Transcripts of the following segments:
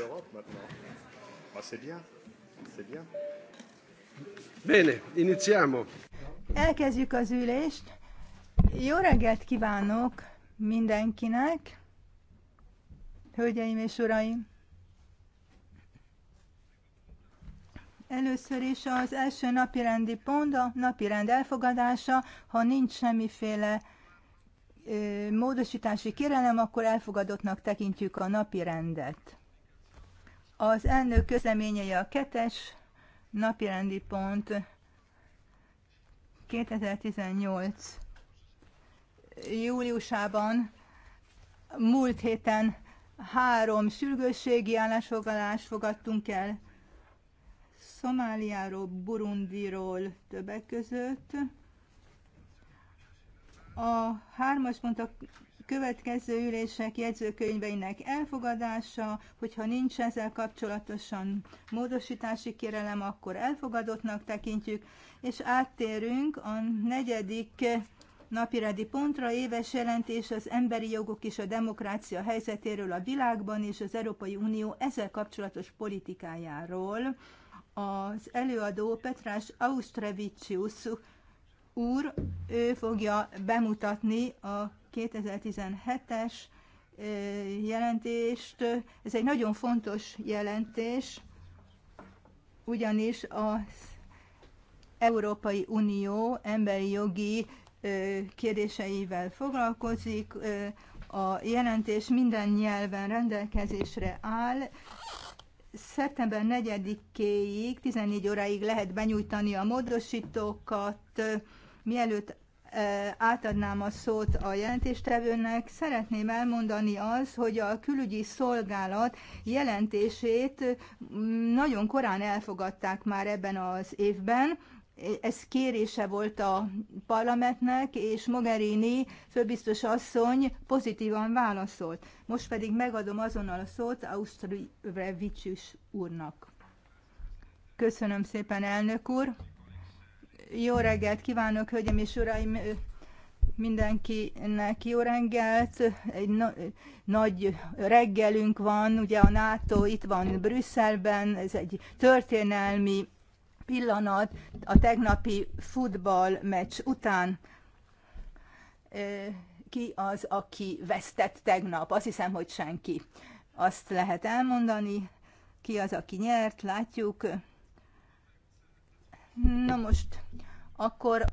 l'Europe maintenant. Bah, c'est bien, c'est bien. Bene, iniziamo. Elkezdjük az ülést. Jó reggelt kívánok mindenkinek, hölgyeim és uraim. Először is az első napirendi pont a napirend elfogadása. Ha nincs semmiféle módosítási kérelem, akkor elfogadottnak tekintjük a napirendet. Az elnök közleményei a kettes napirendi pont 2018 júliusában múlt héten három sürgősségi állásfoglalást fogadtunk el Szomáliáról, Burundiról többek között. A hármas pont a következő ülések jegyzőkönyveinek elfogadása, hogyha nincs ezzel kapcsolatosan módosítási kérelem, akkor elfogadottnak tekintjük, és áttérünk a negyedik napirendi pontra éves jelentés az emberi jogok és a demokrácia helyzetéről a világban és az Európai Unió ezzel kapcsolatos politikájáról. Az előadó Petrás Austrevicius úr, ő fogja bemutatni a 2017-es jelentést. Ez egy nagyon fontos jelentés, ugyanis az Európai Unió emberi jogi kérdéseivel foglalkozik. A jelentés minden nyelven rendelkezésre áll. Szeptember 4-éig, 14 óráig lehet benyújtani a módosítókat, mielőtt átadnám a szót a jelentéstevőnek. Szeretném elmondani az, hogy a külügyi szolgálat jelentését mm, nagyon korán elfogadták már ebben az évben, ez kérése volt a parlamentnek, és Mogherini főbiztos asszony pozitívan válaszolt. Most pedig megadom azonnal a szót Ausztrivevicius úrnak. Köszönöm szépen, elnök úr! Jó reggelt kívánok, hölgyem és uraim! Mindenkinek jó reggelt! Egy na- nagy reggelünk van, ugye a NATO itt van Brüsszelben, ez egy történelmi pillanat a tegnapi meccs után. Ki az, aki vesztett tegnap? Azt hiszem, hogy senki. Azt lehet elmondani, ki az, aki nyert, látjuk. Na most, akkor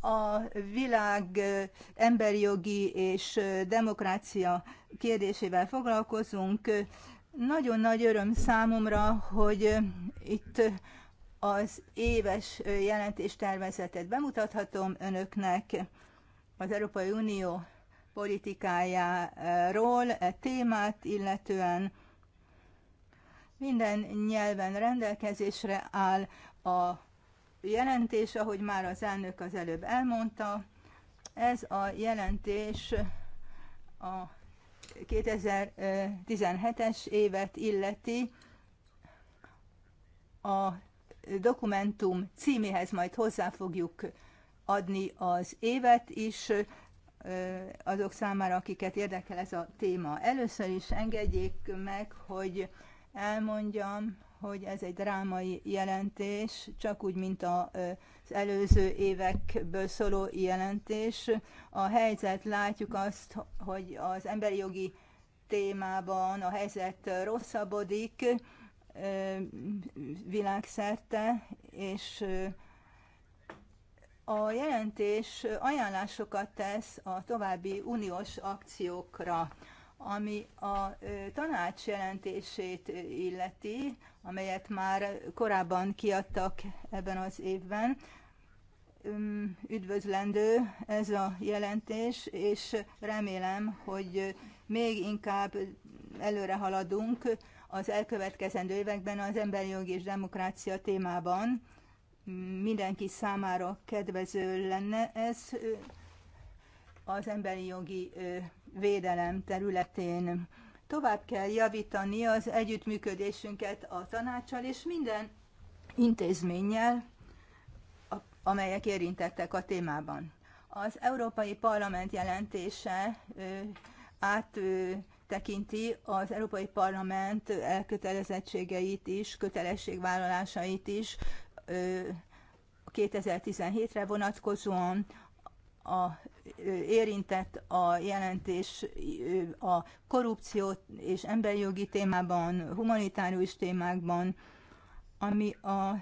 a világ emberi jogi és demokrácia kérdésével foglalkozunk. Nagyon nagy öröm számomra, hogy itt az éves jelentéstervezetet bemutathatom önöknek az Európai Unió politikájáról, e témát illetően minden nyelven rendelkezésre áll a jelentés, ahogy már az elnök az előbb elmondta, ez a jelentés a 2017-es évet illeti a dokumentum címéhez majd hozzá fogjuk adni az évet is azok számára, akiket érdekel ez a téma. Először is engedjék meg, hogy elmondjam, hogy ez egy drámai jelentés, csak úgy, mint az előző évekből szóló jelentés. A helyzet látjuk azt, hogy az emberi jogi témában a helyzet rosszabbodik világszerte, és a jelentés ajánlásokat tesz a további uniós akciókra ami a tanács jelentését illeti, amelyet már korábban kiadtak ebben az évben, üdvözlendő ez a jelentés, és remélem, hogy még inkább előre haladunk az elkövetkezendő években az emberi jogi és demokrácia témában. Mindenki számára kedvező lenne ez az emberi jogi védelem területén. Tovább kell javítani az együttműködésünket a tanácssal és minden intézménnyel, amelyek érintettek a témában. Az Európai Parlament jelentése áttekinti az Európai Parlament elkötelezettségeit is, kötelességvállalásait is 2017-re vonatkozóan a, érintett a jelentés a korrupció és emberjogi témában, humanitárius témákban, ami a, az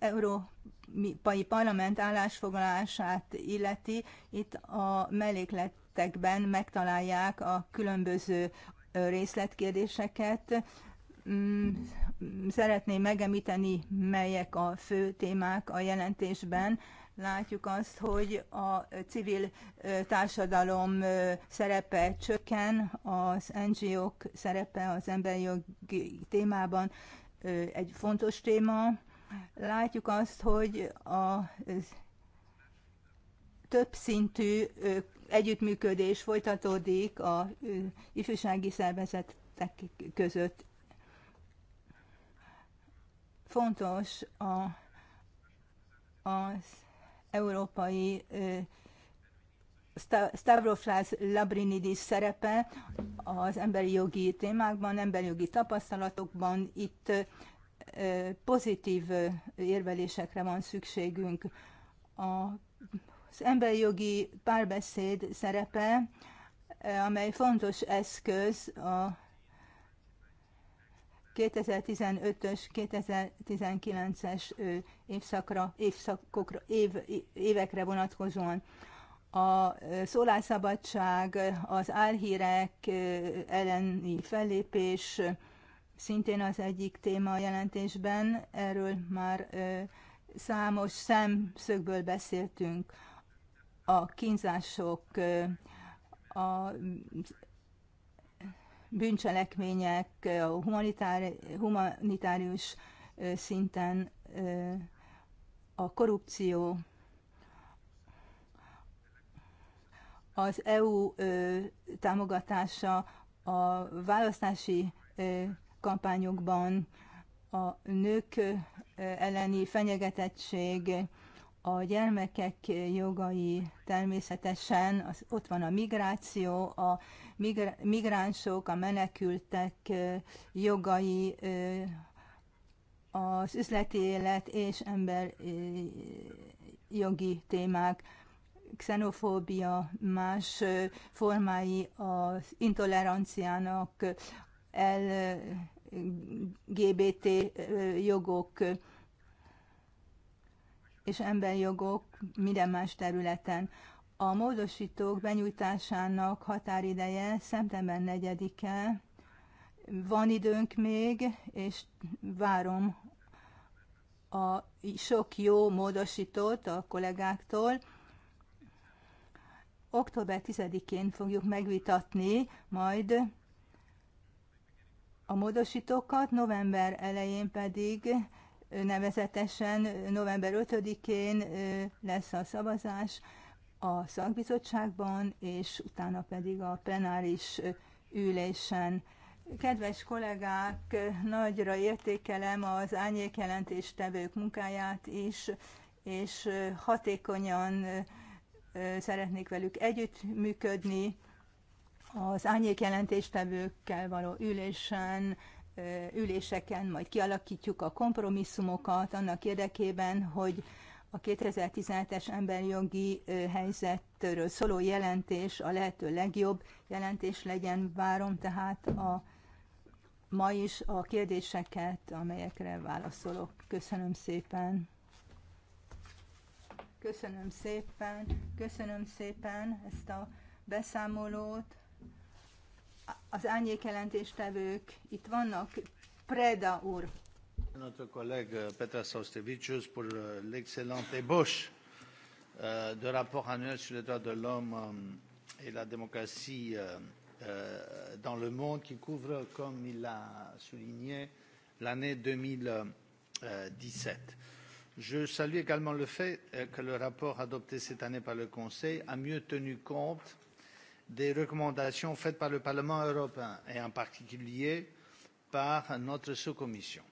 Európai Parlament állásfoglalását illeti. Itt a mellékletekben megtalálják a különböző részletkérdéseket. Mm, szeretném megemlíteni, melyek a fő témák a jelentésben látjuk azt, hogy a civil társadalom szerepe csökken, az NGO-k szerepe az emberi jogi témában egy fontos téma. Látjuk azt, hogy a többszintű együttműködés folytatódik a ifjúsági szervezetek között. Fontos a, az európai Stavroflász Labrinidis szerepe az emberi jogi témákban, emberi jogi tapasztalatokban. Itt pozitív érvelésekre van szükségünk. Az emberi jogi párbeszéd szerepe, amely fontos eszköz a 2015-ös, 2019-es évszakra, évszakokra, év, évekre vonatkozóan. A szólásszabadság, az álhírek elleni fellépés szintén az egyik téma a jelentésben, erről már számos szemszögből beszéltünk. A kínzások, a bűncselekmények, a humanitárius szinten a korrupció, az EU ö, támogatása a választási ö, kampányokban, a nők ö, elleni fenyegetettség, a gyermekek jogai természetesen, az, ott van a migráció, a migr- migránsok, a menekültek ö, jogai, ö, az üzleti élet és ember jogi témák, xenofóbia, más formái az intoleranciának, LGBT jogok és emberjogok minden más területen. A módosítók benyújtásának határideje szeptember 4-e. Van időnk még, és várom a sok jó módosítót a kollégáktól. Október 10-én fogjuk megvitatni majd a módosítókat, november elején pedig nevezetesen november 5-én lesz a szavazás a szakbizottságban, és utána pedig a plenáris ülésen Kedves kollégák, nagyra értékelem az tevők munkáját is, és hatékonyan szeretnék velük együttműködni. Az tevőkkel való ülésen, üléseken majd kialakítjuk a kompromisszumokat annak érdekében, hogy a 2017-es emberjogi helyzetről szóló jelentés a lehető legjobb jelentés legyen. Várom tehát a ma is a kérdéseket, amelyekre válaszolok. Köszönöm szépen! Köszönöm szépen, köszönöm szépen ezt a beszámolót. Az árnyékjelentéstevők itt vannak. Preda úr. Notre collègue euh, Petra Saustevicius pour euh, l'excellente ébauche euh, de rapport annuel sur les droits de l'homme et la démocratie Euh, dans le monde qui couvre, comme il l'a souligné, l'année 2017. Euh, Je salue également le fait euh, que le rapport adopté cette année par le Conseil a mieux tenu compte des recommandations faites par le Parlement européen et en particulier par notre sous-commission.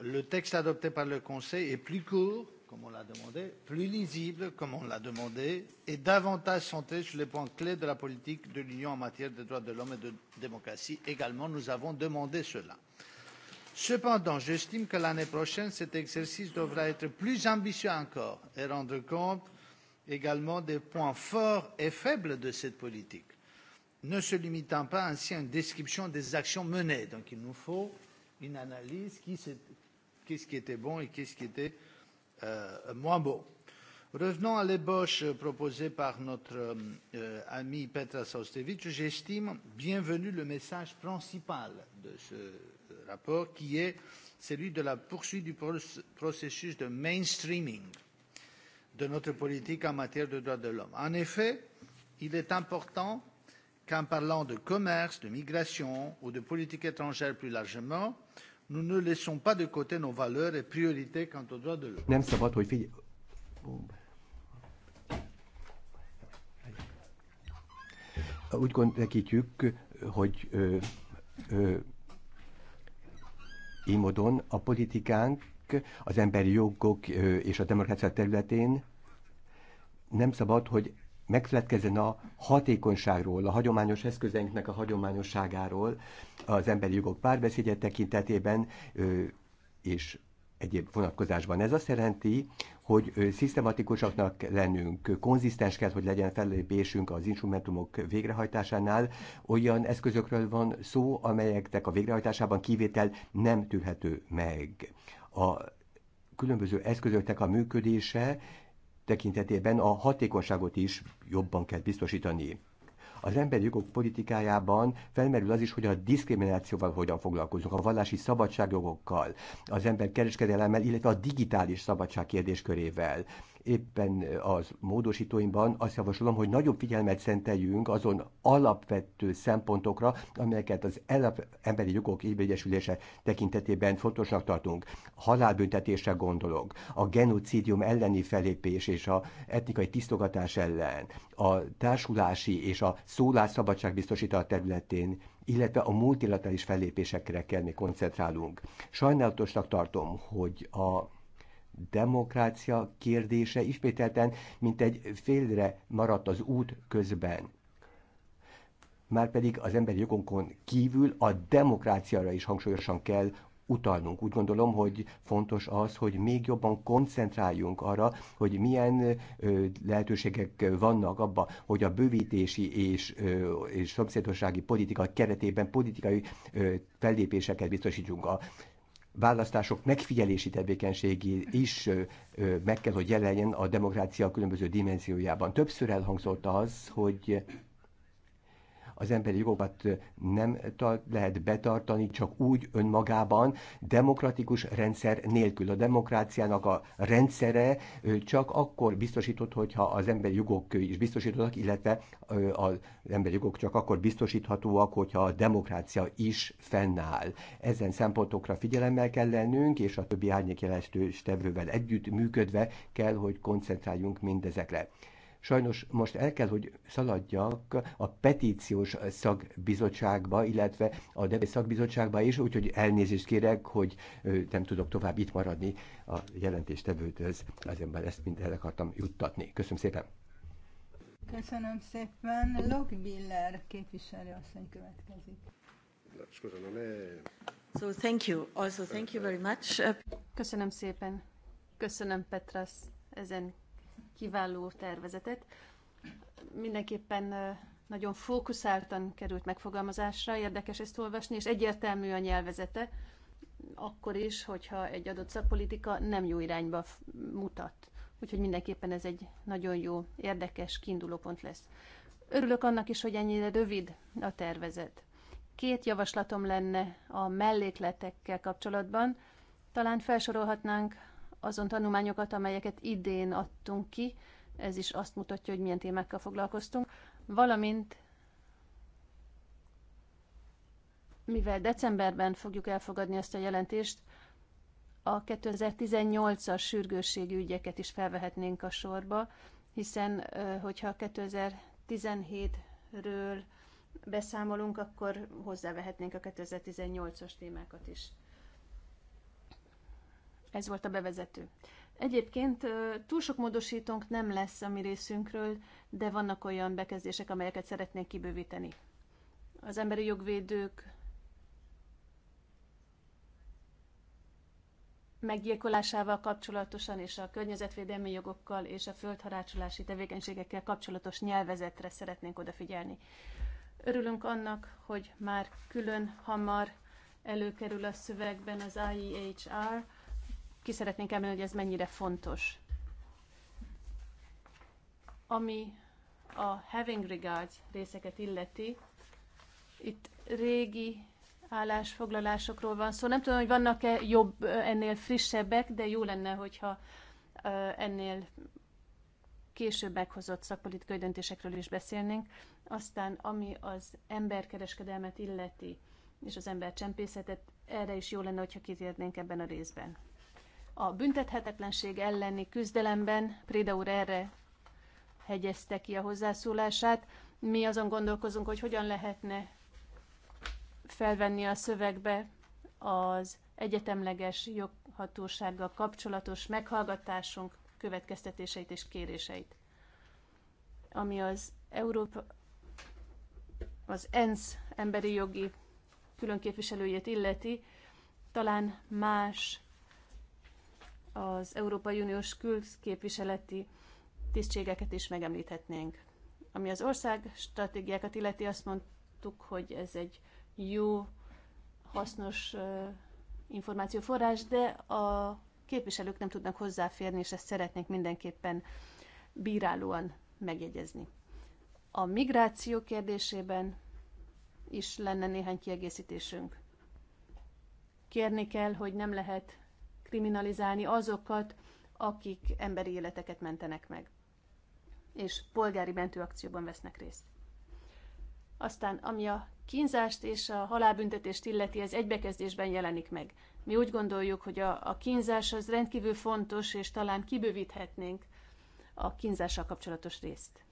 Le texte adopté par le Conseil est plus court comme on l'a demandé, plus lisible, comme on l'a demandé, et davantage centré sur les points clés de la politique de l'Union en matière de droits de l'homme et de démocratie. Également, nous avons demandé cela. Cependant, j'estime que l'année prochaine, cet exercice devra être plus ambitieux encore et rendre compte également des points forts et faibles de cette politique, ne se limitant pas ainsi à une description des actions menées. Donc il nous faut une analyse qui, quest ce qui était bon et quest ce qui était euh, euh, moins beau. Revenons à l'ébauche euh, proposée par notre euh, euh, ami Petra Saustevich. J'estime bienvenu le message principal de ce euh, rapport qui est celui de la poursuite du processus de mainstreaming de notre politique en matière de droits de l'homme. En effet, il est important qu'en parlant de commerce, de migration ou de politique étrangère plus largement, euh, Nous ne laissons pas de côté nos valeurs et priorités quant aux droits de l'homme. Nem szabad, hogy figy... Úgy gondolkítjük, hogy ö, ö, így módon a politikánk az emberi jogok és a demokrácia területén nem szabad, hogy megfeledkezzen a hatékonyságról, a hagyományos eszközeinknek a hagyományosságáról az emberi jogok párbeszédje tekintetében és egyéb vonatkozásban. Ez azt jelenti, hogy szisztematikusaknak lennünk, konzisztens kell, hogy legyen fellépésünk az instrumentumok végrehajtásánál. Olyan eszközökről van szó, amelyeknek a végrehajtásában kivétel nem tűrhető meg. A különböző eszközöknek a működése tekintetében a hatékonyságot is jobban kell biztosítani. Az emberi jogok politikájában felmerül az is, hogy a diszkriminációval hogyan foglalkozunk, a vallási szabadságjogokkal, az ember kereskedelemmel, illetve a digitális szabadság kérdéskörével. Éppen az módosítóimban azt javaslom, hogy nagyobb figyelmet szenteljünk azon alapvető szempontokra, amelyeket az emberi jogok érvényesülése tekintetében fontosnak tartunk. Halálbüntetésre gondolok, a genocidium elleni felépés és a etnikai tisztogatás ellen, a társulási és a szólásszabadság biztosítása területén illetve a multilaterális fellépésekre kell mi koncentrálunk. Sajnálatosnak tartom, hogy a demokrácia kérdése ismételten, mint egy félre maradt az út közben. Márpedig az emberi jogonkon kívül a demokráciára is hangsúlyosan kell utalnunk. Úgy gondolom, hogy fontos az, hogy még jobban koncentráljunk arra, hogy milyen ö, lehetőségek vannak abba, hogy a bővítési és, és szomszédossági politika keretében politikai ö, fellépéseket biztosítsunk. A választások megfigyelési tevékenységi is meg kell, hogy jelenjen a demokrácia különböző dimenziójában. Többször elhangzott az, hogy az emberi jogokat nem lehet betartani csak úgy önmagában, demokratikus rendszer nélkül. A demokráciának a rendszere csak akkor biztosított, hogyha az emberi jogok is biztosítottak, illetve az emberi jogok csak akkor biztosíthatóak, hogyha a demokrácia is fennáll. Ezen szempontokra figyelemmel kell lennünk, és a többi árnyékjelestő tevővel együtt működve kell, hogy koncentráljunk mindezekre. Sajnos most el kell, hogy szaladjak a petíciós szakbizottságba, illetve a debé szakbizottságba is, úgyhogy elnézést kérek, hogy nem tudok tovább itt maradni a azért már ezt mind el akartam juttatni. Köszönöm szépen! Köszönöm szépen. Logbiller képviselő asszony következik. So thank you. Also thank you very much. Köszönöm szépen. Köszönöm Petras ezen kiváló tervezetet. Mindenképpen nagyon fókuszáltan került megfogalmazásra, érdekes ezt olvasni, és egyértelmű a nyelvezete, akkor is, hogyha egy adott szakpolitika nem jó irányba mutat. Úgyhogy mindenképpen ez egy nagyon jó, érdekes kiindulópont lesz. Örülök annak is, hogy ennyire rövid a tervezet. Két javaslatom lenne a mellékletekkel kapcsolatban. Talán felsorolhatnánk azon tanulmányokat, amelyeket idén adtunk ki, ez is azt mutatja, hogy milyen témákkal foglalkoztunk, valamint mivel decemberben fogjuk elfogadni ezt a jelentést, a 2018-as sürgősségi ügyeket is felvehetnénk a sorba, hiszen hogyha 2017-ről beszámolunk, akkor hozzávehetnénk a 2018-as témákat is. Ez volt a bevezető. Egyébként túl sok módosítónk nem lesz a mi részünkről, de vannak olyan bekezdések, amelyeket szeretnénk kibővíteni. Az emberi jogvédők meggyilkolásával kapcsolatosan és a környezetvédelmi jogokkal és a földharácsolási tevékenységekkel kapcsolatos nyelvezetre szeretnénk odafigyelni. Örülünk annak, hogy már külön hamar előkerül a szövegben az IEHR, ki szeretnénk emelni, hogy ez mennyire fontos. Ami a having regard részeket illeti, itt régi állásfoglalásokról van szó. Nem tudom, hogy vannak-e jobb, ennél frissebbek, de jó lenne, hogyha ennél később meghozott szakpolitikai döntésekről is beszélnénk. Aztán, ami az emberkereskedelmet illeti, és az embercsempészetet, erre is jó lenne, hogyha kitérnénk ebben a részben a büntethetetlenség elleni küzdelemben, Préda úr erre hegyezte ki a hozzászólását, mi azon gondolkozunk, hogy hogyan lehetne felvenni a szövegbe az egyetemleges joghatósággal kapcsolatos meghallgatásunk következtetéseit és kéréseit. Ami az Európa, az ENSZ emberi jogi különképviselőjét illeti, talán más az Európai Uniós külképviseleti tisztségeket is megemlíthetnénk. Ami az ország stratégiákat illeti, azt mondtuk, hogy ez egy jó, hasznos információforrás, de a képviselők nem tudnak hozzáférni, és ezt szeretnénk mindenképpen bírálóan megjegyezni. A migráció kérdésében is lenne néhány kiegészítésünk. Kérni kell, hogy nem lehet kriminalizálni azokat, akik emberi életeket mentenek meg, és polgári mentőakcióban vesznek részt. Aztán, ami a kínzást és a halálbüntetést illeti, ez egybekezdésben jelenik meg. Mi úgy gondoljuk, hogy a, a kínzás az rendkívül fontos, és talán kibővíthetnénk a kínzással kapcsolatos részt.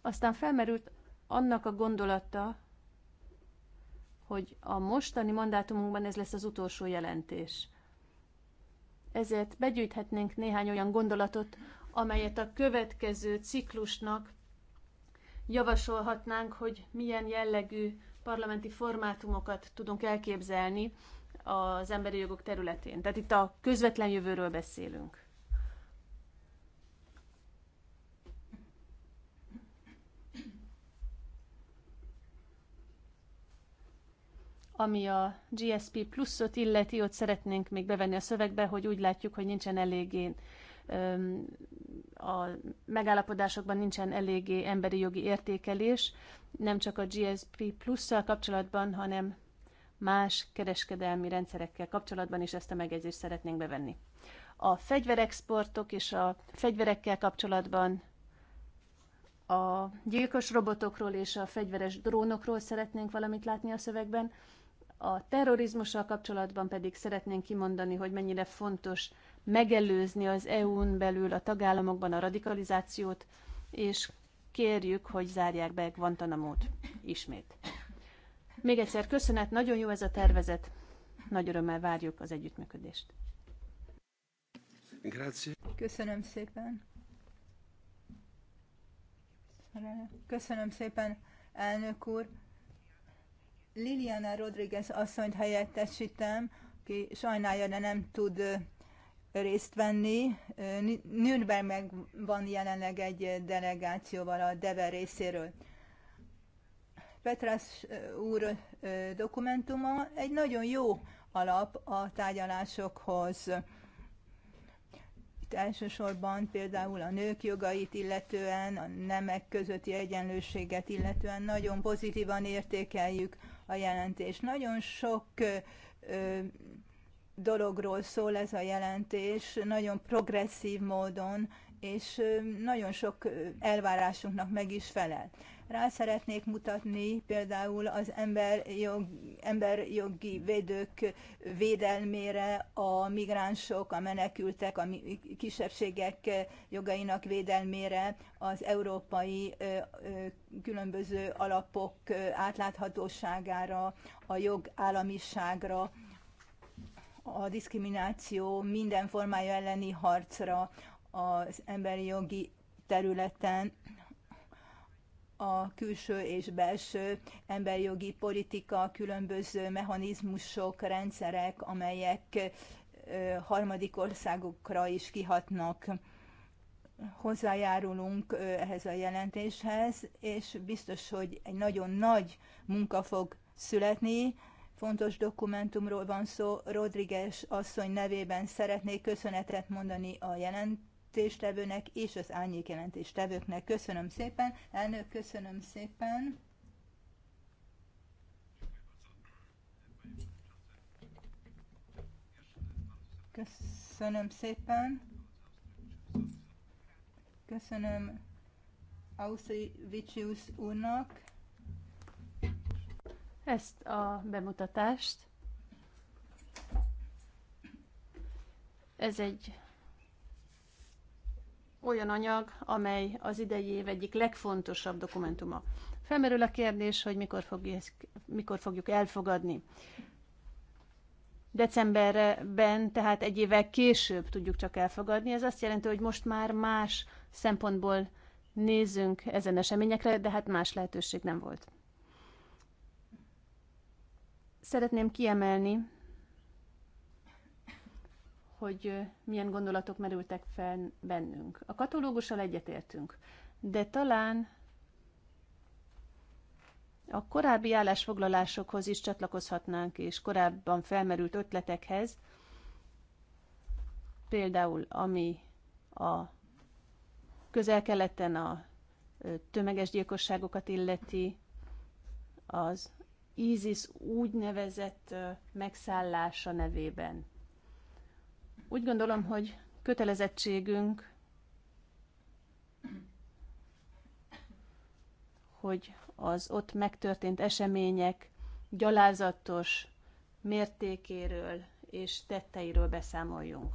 Aztán felmerült annak a gondolata, hogy a mostani mandátumunkban ez lesz az utolsó jelentés. Ezért begyűjthetnénk néhány olyan gondolatot, amelyet a következő ciklusnak javasolhatnánk, hogy milyen jellegű parlamenti formátumokat tudunk elképzelni az emberi jogok területén. Tehát itt a közvetlen jövőről beszélünk. Ami a GSP pluszot illeti, ott szeretnénk még bevenni a szövegbe, hogy úgy látjuk, hogy nincsen eléggé a megállapodásokban nincsen eléggé emberi jogi értékelés, nem csak a GSP plusszal kapcsolatban, hanem más kereskedelmi rendszerekkel kapcsolatban is ezt a megjegyzést szeretnénk bevenni. A fegyverexportok és a fegyverekkel kapcsolatban a gyilkos robotokról és a fegyveres drónokról szeretnénk valamit látni a szövegben, a terrorizmussal kapcsolatban pedig szeretnénk kimondani, hogy mennyire fontos megelőzni az EU-n belül a tagállamokban a radikalizációt, és kérjük, hogy zárják be Guantanamo-t ismét. Még egyszer köszönet, nagyon jó ez a tervezet, nagy örömmel várjuk az együttműködést. Grazie. Köszönöm szépen. Köszönöm szépen, elnök úr. Liliana Rodriguez asszonyt helyettesítem, aki sajnálja, de nem tud részt venni. Nürnbergben van jelenleg egy delegációval a Deve részéről. Petras úr dokumentuma egy nagyon jó alap a tárgyalásokhoz. Itt elsősorban például a nők jogait illetően, a nemek közötti egyenlőséget illetően nagyon pozitívan értékeljük a jelentés. Nagyon sok ö, dologról szól ez a jelentés, nagyon progresszív módon, és nagyon sok elvárásunknak meg is felel. Rá szeretnék mutatni például az emberjog, emberjogi védők védelmére, a migránsok, a menekültek, a kisebbségek jogainak védelmére, az európai különböző alapok átláthatóságára, a jogállamiságra, a diszkrimináció minden formája elleni harcra az emberi jogi területen a külső és belső emberjogi politika, különböző mechanizmusok, rendszerek, amelyek harmadik országokra is kihatnak. Hozzájárulunk ehhez a jelentéshez, és biztos, hogy egy nagyon nagy munka fog születni. Fontos dokumentumról van szó. Rodriguez asszony nevében szeretnék köszönetet mondani a jelentéshez jelentéstevőnek és az árnyék jelentéstevőknek. Köszönöm szépen, elnök, köszönöm szépen. Köszönöm szépen. Köszönöm Ausztrivicius úrnak ezt a bemutatást. Ez egy olyan anyag, amely az idei év egyik legfontosabb dokumentuma. Felmerül a kérdés, hogy mikor fogjuk, mikor fogjuk elfogadni. Decemberben, tehát egy évvel később tudjuk csak elfogadni. Ez azt jelenti, hogy most már más szempontból nézzünk ezen eseményekre, de hát más lehetőség nem volt. Szeretném kiemelni, hogy milyen gondolatok merültek fel bennünk. A katalógussal egyetértünk, de talán a korábbi állásfoglalásokhoz is csatlakozhatnánk, és korábban felmerült ötletekhez, például ami a közel-keleten a tömeges gyilkosságokat illeti, az ISIS úgynevezett megszállása nevében úgy gondolom, hogy kötelezettségünk, hogy az ott megtörtént események gyalázatos mértékéről és tetteiről beszámoljunk.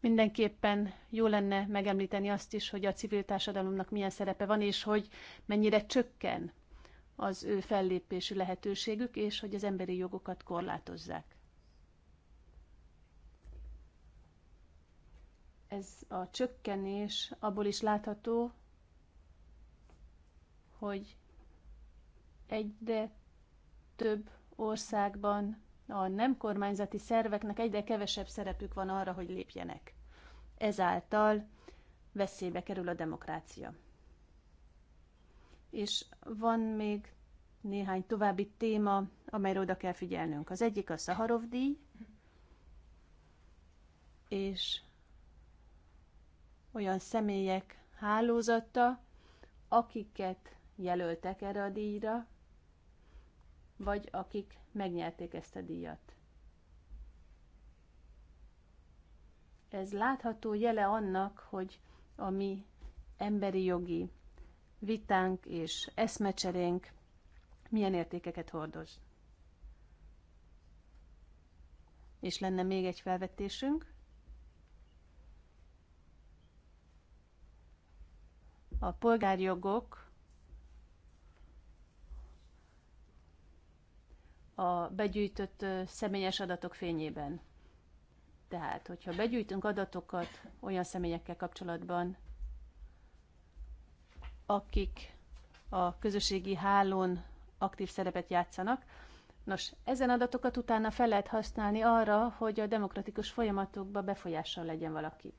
Mindenképpen jó lenne megemlíteni azt is, hogy a civil társadalomnak milyen szerepe van, és hogy mennyire csökken az ő fellépési lehetőségük, és hogy az emberi jogokat korlátozzák. Ez a csökkenés abból is látható, hogy egyre több országban a nem kormányzati szerveknek egyre kevesebb szerepük van arra, hogy lépjenek. Ezáltal veszélybe kerül a demokrácia és van még néhány további téma, amelyre oda kell figyelnünk. Az egyik a Szaharov díj, és olyan személyek hálózata, akiket jelöltek erre a díjra, vagy akik megnyerték ezt a díjat. Ez látható jele annak, hogy a mi emberi jogi vitánk és eszmecserénk milyen értékeket hordoz. És lenne még egy felvetésünk. A polgárjogok a begyűjtött személyes adatok fényében. Tehát, hogyha begyűjtünk adatokat olyan személyekkel kapcsolatban, akik a közösségi hálón aktív szerepet játszanak. Nos, ezen adatokat utána fel lehet használni arra, hogy a demokratikus folyamatokba befolyással legyen valaki.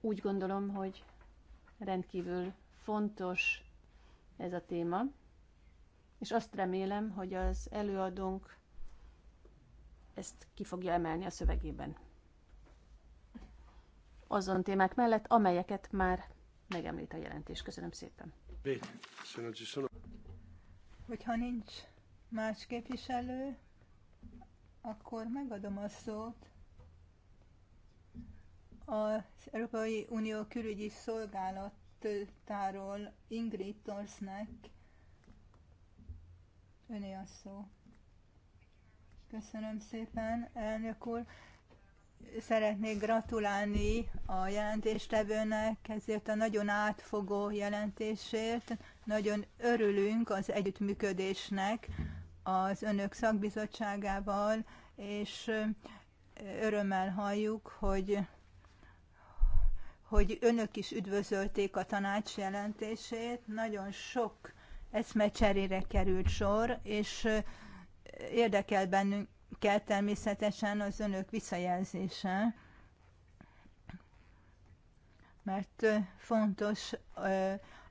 Úgy gondolom, hogy rendkívül fontos ez a téma, és azt remélem, hogy az előadónk ezt ki fogja emelni a szövegében. Azon témák mellett, amelyeket már megemlít a jelentés. Köszönöm szépen. Hogyha nincs más képviselő, akkor megadom a szót az Európai Unió külügyi szolgálatáról Ingrid Torsnek. Öné a szó. Köszönöm szépen, elnök úr szeretnék gratulálni a jelentéstevőnek ezért a nagyon átfogó jelentésért. Nagyon örülünk az együttműködésnek az önök szakbizottságával, és örömmel halljuk, hogy, hogy önök is üdvözölték a tanács jelentését. Nagyon sok eszmecserére került sor, és érdekel bennünk, kell természetesen az önök visszajelzése, mert fontos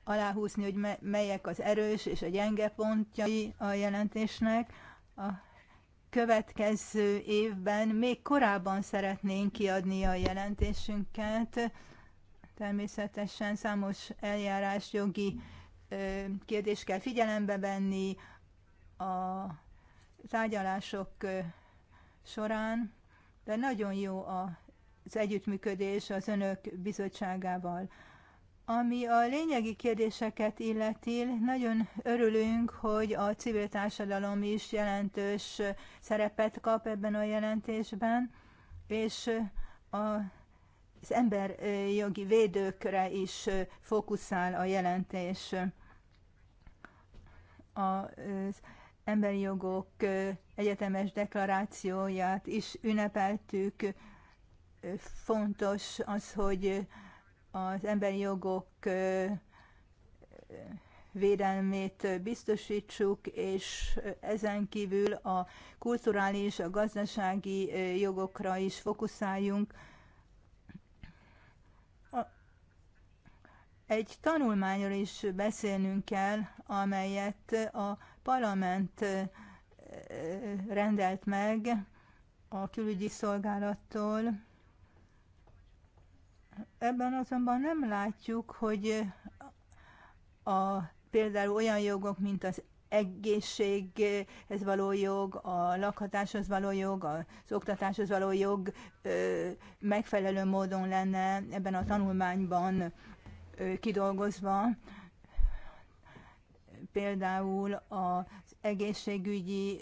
aláhúzni, hogy melyek az erős és a gyenge pontjai a jelentésnek. A következő évben még korábban szeretnénk kiadni a jelentésünket. Természetesen számos eljárás jogi kérdést kell figyelembe venni, a tárgyalások során, de nagyon jó az együttműködés az önök bizottságával. Ami a lényegi kérdéseket illeti, nagyon örülünk, hogy a civil társadalom is jelentős szerepet kap ebben a jelentésben, és a az emberjogi védőkre is fókuszál a jelentés. Az emberi jogok egyetemes deklarációját is ünnepeltük. Fontos az, hogy az emberi jogok védelmét biztosítsuk, és ezen kívül a kulturális, a gazdasági jogokra is fokuszáljunk. Egy tanulmányról is beszélnünk kell, amelyet a parlament rendelt meg a külügyi szolgálattól. Ebben azonban nem látjuk, hogy a, például olyan jogok, mint az egészséghez való jog, a lakhatáshoz való jog, az oktatáshoz való jog megfelelő módon lenne ebben a tanulmányban kidolgozva például az egészségügyi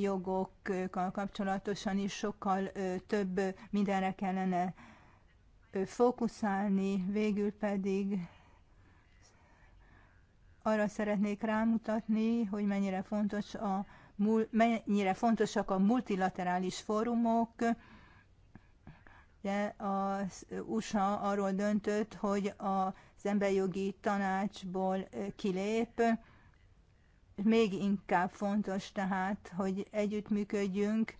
jogokkal kapcsolatosan is sokkal több mindenre kellene fókuszálni, végül pedig arra szeretnék rámutatni, hogy mennyire fontos a mennyire fontosak a multilaterális fórumok, de az USA arról döntött, hogy az emberjogi tanácsból kilép. Még inkább fontos tehát, hogy együttműködjünk,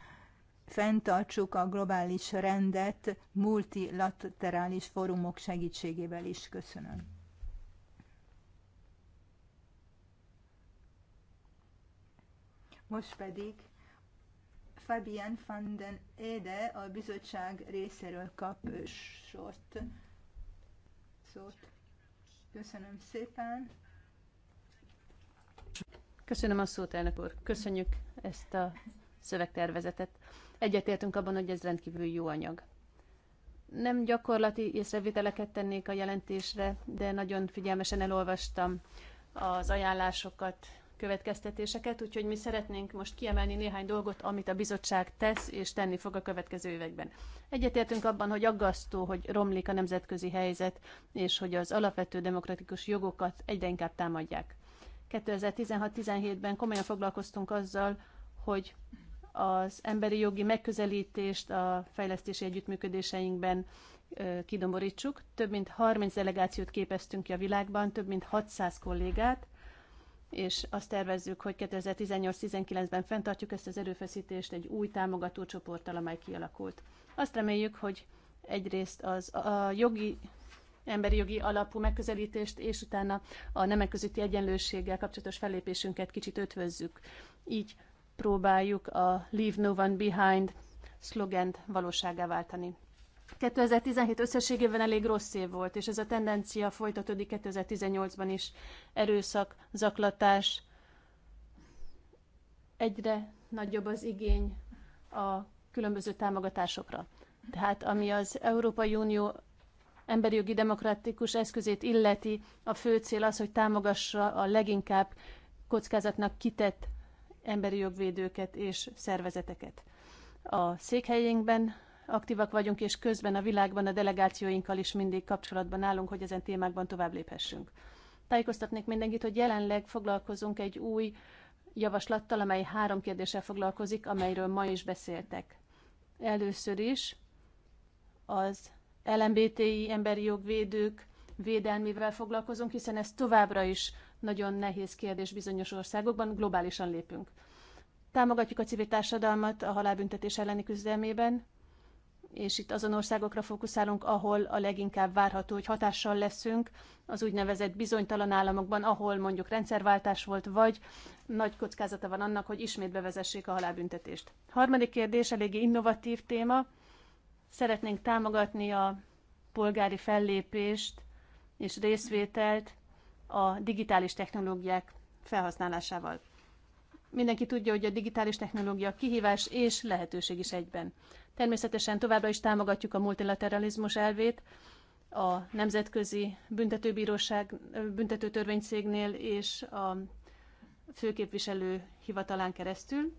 fenntartsuk a globális rendet multilaterális fórumok segítségével is. Köszönöm. Most pedig Fabian van den Ede a bizottság részéről kap sort. Szót. Köszönöm szépen. Köszönöm a szót, elnök úr. Köszönjük ezt a szövegtervezetet. Egyetértünk abban, hogy ez rendkívül jó anyag. Nem gyakorlati észrevételeket tennék a jelentésre, de nagyon figyelmesen elolvastam az ajánlásokat, következtetéseket, úgyhogy mi szeretnénk most kiemelni néhány dolgot, amit a bizottság tesz és tenni fog a következő években. Egyetértünk abban, hogy aggasztó, hogy romlik a nemzetközi helyzet, és hogy az alapvető demokratikus jogokat egyre inkább támadják. 2016-17-ben komolyan foglalkoztunk azzal, hogy az emberi jogi megközelítést a fejlesztési együttműködéseinkben kidomborítsuk. Több mint 30 delegációt képeztünk ki a világban, több mint 600 kollégát, és azt tervezzük, hogy 2018-19-ben fenntartjuk ezt az erőfeszítést egy új támogatócsoporttal, amely kialakult. Azt reméljük, hogy egyrészt az a jogi emberi jogi alapú megközelítést, és utána a nemek közötti egyenlőséggel kapcsolatos fellépésünket kicsit ötvözzük. Így próbáljuk a Leave No One Behind szlogent valóságá váltani. 2017 összességében elég rossz év volt, és ez a tendencia folytatódik 2018-ban is. Erőszak, zaklatás, egyre nagyobb az igény a különböző támogatásokra. Tehát ami az Európai Unió emberi jogi demokratikus eszközét illeti, a fő cél az, hogy támogassa a leginkább kockázatnak kitett emberi jogvédőket és szervezeteket. A székhelyénkben aktívak vagyunk, és közben a világban a delegációinkkal is mindig kapcsolatban állunk, hogy ezen témákban tovább léphessünk. Tájékoztatnék mindenkit, hogy jelenleg foglalkozunk egy új javaslattal, amely három kérdéssel foglalkozik, amelyről ma is beszéltek. Először is az LMBTI emberi jogvédők védelmével foglalkozunk, hiszen ez továbbra is nagyon nehéz kérdés bizonyos országokban, globálisan lépünk. Támogatjuk a civil társadalmat a halálbüntetés elleni küzdelmében, és itt azon országokra fókuszálunk, ahol a leginkább várható, hogy hatással leszünk az úgynevezett bizonytalan államokban, ahol mondjuk rendszerváltás volt, vagy nagy kockázata van annak, hogy ismét bevezessék a halálbüntetést. Harmadik kérdés, eléggé innovatív téma. Szeretnénk támogatni a polgári fellépést és részvételt a digitális technológiák felhasználásával. Mindenki tudja, hogy a digitális technológia kihívás és lehetőség is egyben. Természetesen továbbra is támogatjuk a multilateralizmus elvét, a Nemzetközi Büntetőbíróság büntetőtörvényszégnél és a főképviselő hivatalán keresztül.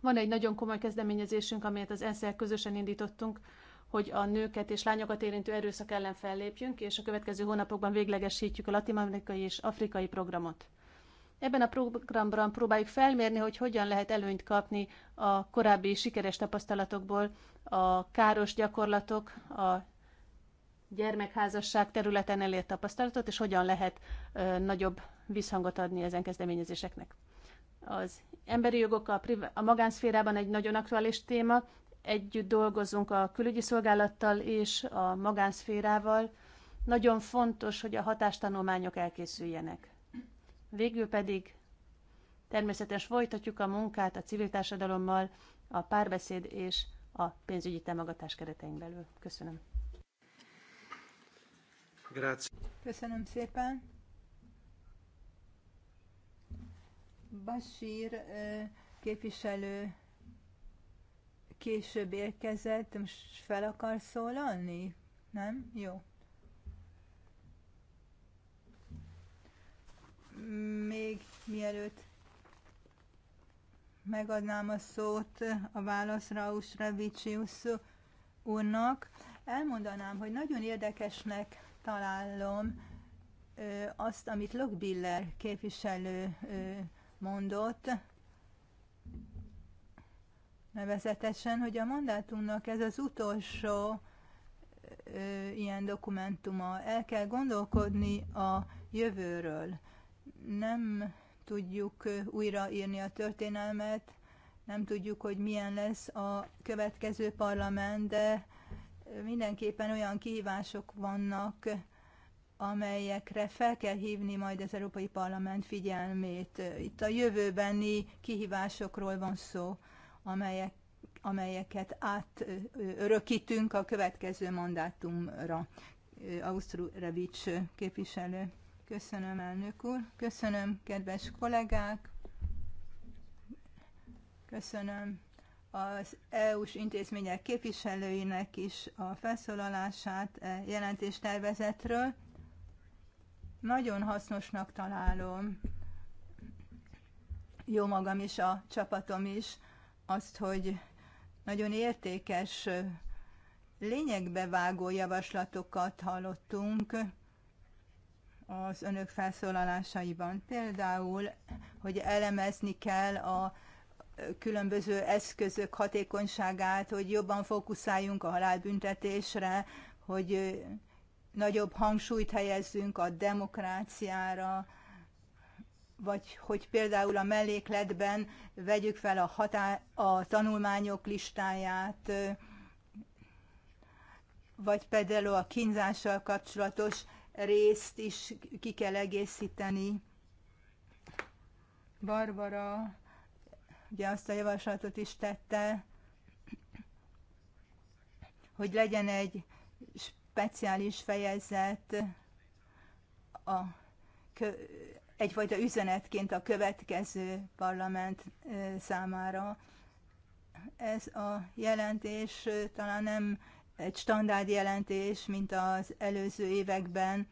Van egy nagyon komoly kezdeményezésünk, amelyet az ensz közösen indítottunk, hogy a nőket és lányokat érintő erőszak ellen fellépjünk, és a következő hónapokban véglegesítjük a latin-amerikai és afrikai programot. Ebben a programban próbáljuk felmérni, hogy hogyan lehet előnyt kapni a korábbi sikeres tapasztalatokból, a káros gyakorlatok, a gyermekházasság területen elért tapasztalatot, és hogyan lehet ö, nagyobb visszhangot adni ezen kezdeményezéseknek. Az emberi jogok a, a magánszférában egy nagyon aktuális téma. Együtt dolgozunk a külügyi szolgálattal és a magánszférával. Nagyon fontos, hogy a hatástanulmányok elkészüljenek. Végül pedig természetesen folytatjuk a munkát a civil társadalommal, a párbeszéd és a pénzügyi támogatás keretein belül. Köszönöm. Grazie. Köszönöm szépen. Basír képviselő később érkezett, most fel akar szólalni? Nem? Jó. még mielőtt megadnám a szót a válaszra Usravicius úrnak, elmondanám, hogy nagyon érdekesnek találom azt, amit Lockbiller képviselő mondott, nevezetesen, hogy a mandátumnak ez az utolsó ö, ilyen dokumentuma. El kell gondolkodni a jövőről nem tudjuk újraírni a történelmet, nem tudjuk, hogy milyen lesz a következő parlament, de mindenképpen olyan kihívások vannak, amelyekre fel kell hívni majd az Európai Parlament figyelmét. Itt a jövőbeni kihívásokról van szó, amelyek, amelyeket átörökítünk a következő mandátumra. Ausztrurevics képviselő. Köszönöm, elnök úr. Köszönöm, kedves kollégák. Köszönöm az EU-s intézmények képviselőinek is a felszólalását e jelentéstervezetről. Nagyon hasznosnak találom, jó magam is, a csapatom is, azt, hogy nagyon értékes, lényegbe vágó javaslatokat hallottunk, az önök felszólalásaiban. Például, hogy elemezni kell a különböző eszközök hatékonyságát, hogy jobban fókuszáljunk a halálbüntetésre, hogy nagyobb hangsúlyt helyezzünk a demokráciára, vagy hogy például a mellékletben vegyük fel a, hatá- a tanulmányok listáját, vagy például a kínzással kapcsolatos részt is ki kell egészíteni. Barbara ugye azt a javaslatot is tette, hogy legyen egy speciális fejezet a egyfajta üzenetként a következő parlament számára. Ez a jelentés talán nem egy standard jelentés, mint az előző években,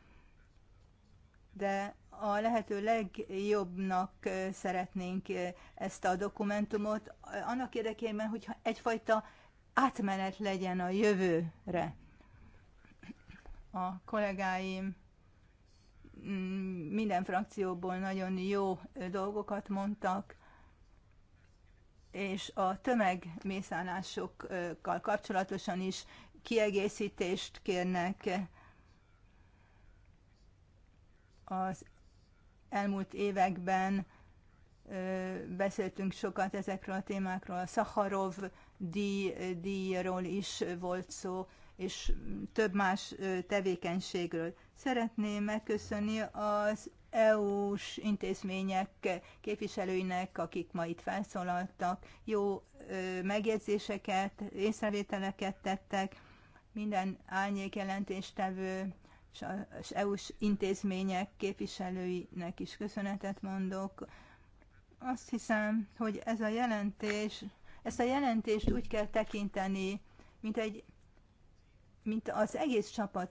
de a lehető legjobbnak szeretnénk ezt a dokumentumot, annak érdekében, hogy egyfajta átmenet legyen a jövőre. A kollégáim mm, minden frakcióból nagyon jó dolgokat mondtak, és a tömegmészállásokkal kapcsolatosan is kiegészítést kérnek az elmúlt években beszéltünk sokat ezekről a témákról, a Szaharov díj, díjról is volt szó, és több más tevékenységről. Szeretném megköszönni az EU-s intézmények képviselőinek, akik ma itt felszólaltak, jó megjegyzéseket, észrevételeket tettek minden árnyék jelentéstevő és az EU-s intézmények képviselőinek is köszönetet mondok. Azt hiszem, hogy ez a jelentés, ezt a jelentést úgy kell tekinteni, mint, egy, mint az egész csapat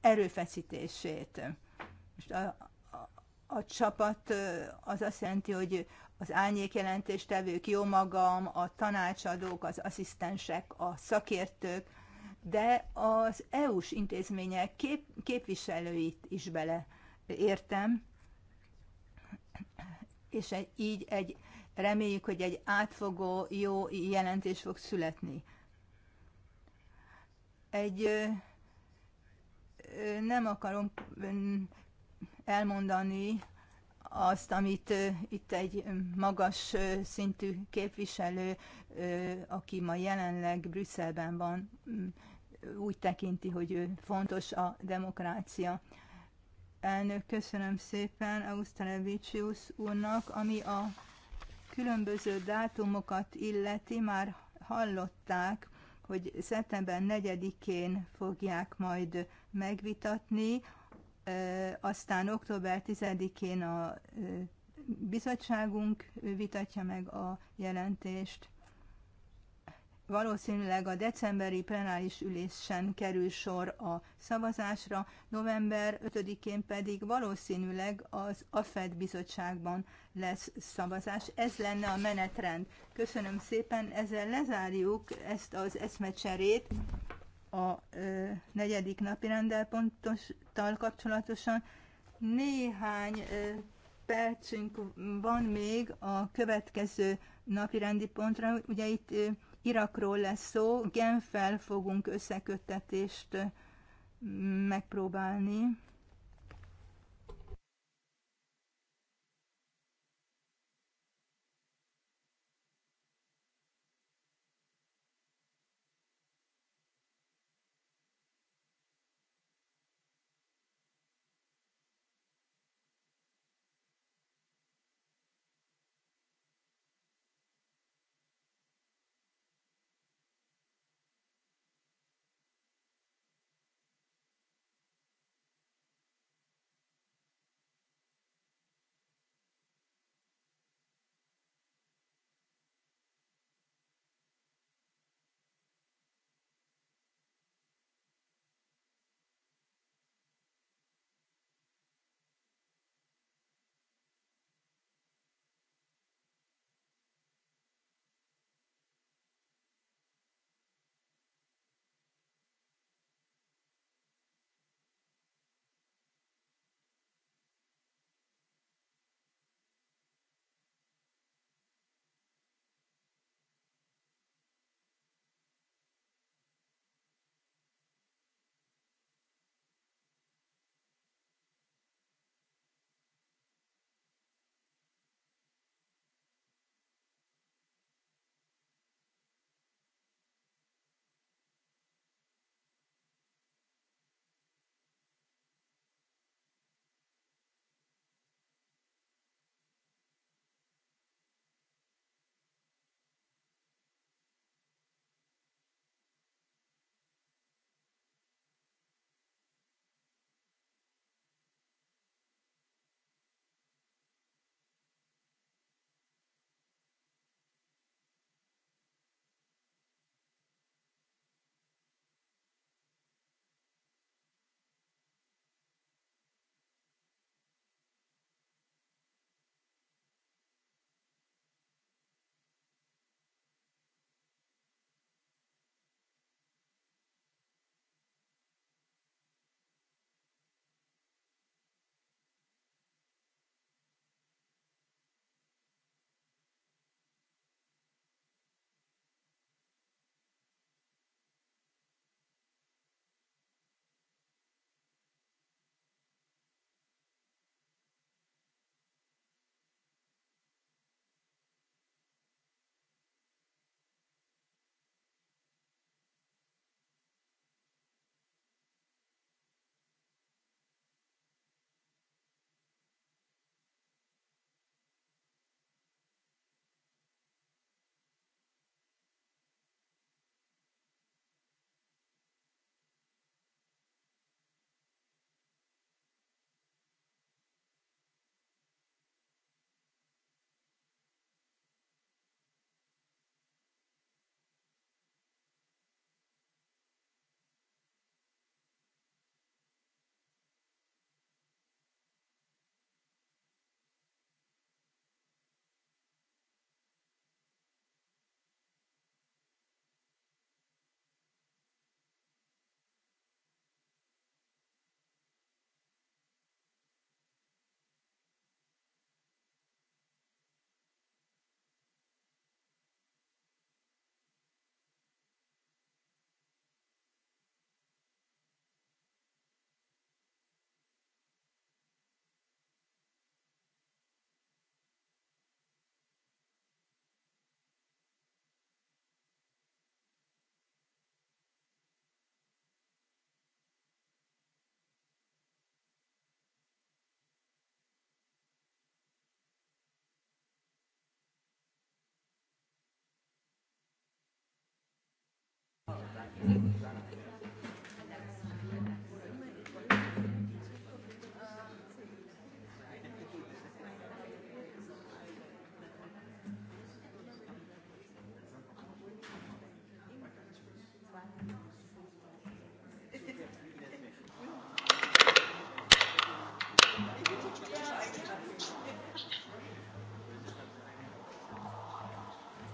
erőfeszítését. Most a, a, a csapat az azt jelenti, hogy az árnyékjelentéstevők, jó magam, a tanácsadók, az asszisztensek, a szakértők, de az EU-s intézmények kép, képviselőit is bele értem, és egy, így egy, reméljük, hogy egy átfogó, jó jelentés fog születni. Egy nem akarom elmondani azt, amit itt egy magas szintű képviselő, aki ma jelenleg Brüsszelben van, úgy tekinti, hogy fontos a demokrácia. Elnök, köszönöm szépen Ausztralevicius úrnak, ami a különböző dátumokat illeti, már hallották, hogy szeptember 4-én fogják majd megvitatni, aztán október 10-én a bizottságunk vitatja meg a jelentést valószínűleg a decemberi plenáris ülésen kerül sor a szavazásra, november 5-én pedig valószínűleg az AFED bizottságban lesz szavazás. Ez lenne a menetrend. Köszönöm szépen, ezzel lezárjuk ezt az eszmecserét a ö, negyedik napi rendelponttal kapcsolatosan. Néhány ö, percünk van még a következő napi rendi pontra. Ugye itt Irakról lesz szó, Genfel fogunk összeköttetést mm, megpróbálni.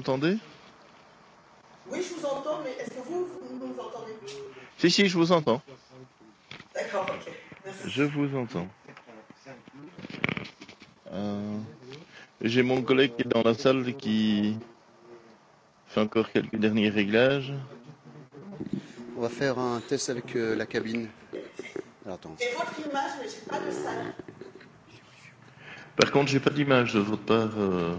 m'entendez Oui, je vous entends, mais est-ce que vous, vous nous entendez Si, si, je vous entends. D'accord, ok. Merci. Je vous entends. Euh, J'ai mon collègue qui est dans la salle qui fait encore quelques derniers réglages. On va faire un test avec euh, la cabine. Alors, attends. J'ai votre image, mais j'ai pas de salle. Par contre, j'ai pas d'image de votre part. Euh...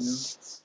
ます。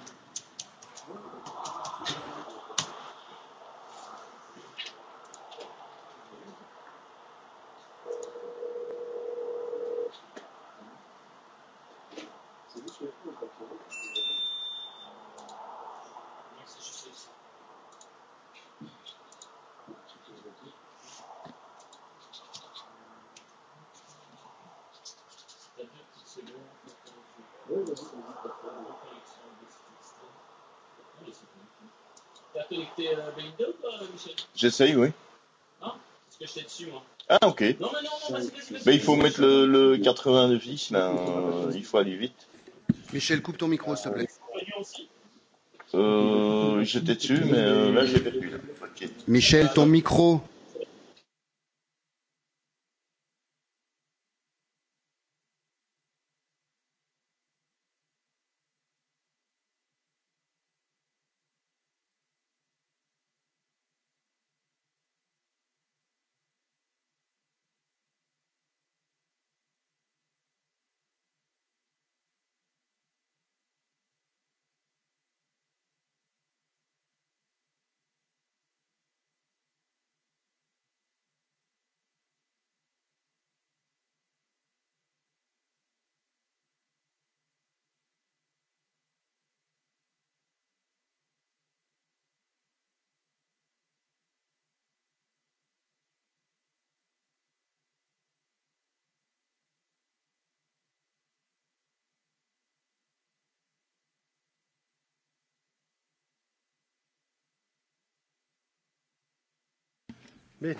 J'essaye, oui. Non, parce que j'étais dessus, moi. Ah, ok. Non, mais non, non, vas-y, vas-y. Vas Mais il faut mettre le, le 90, là. Euh, il faut aller vite. Michel, coupe ton micro, s'il te plaît. Euh, j'étais dessus, mais euh, là, j'ai perdu. Là. Okay. Michel, ton micro. Bene.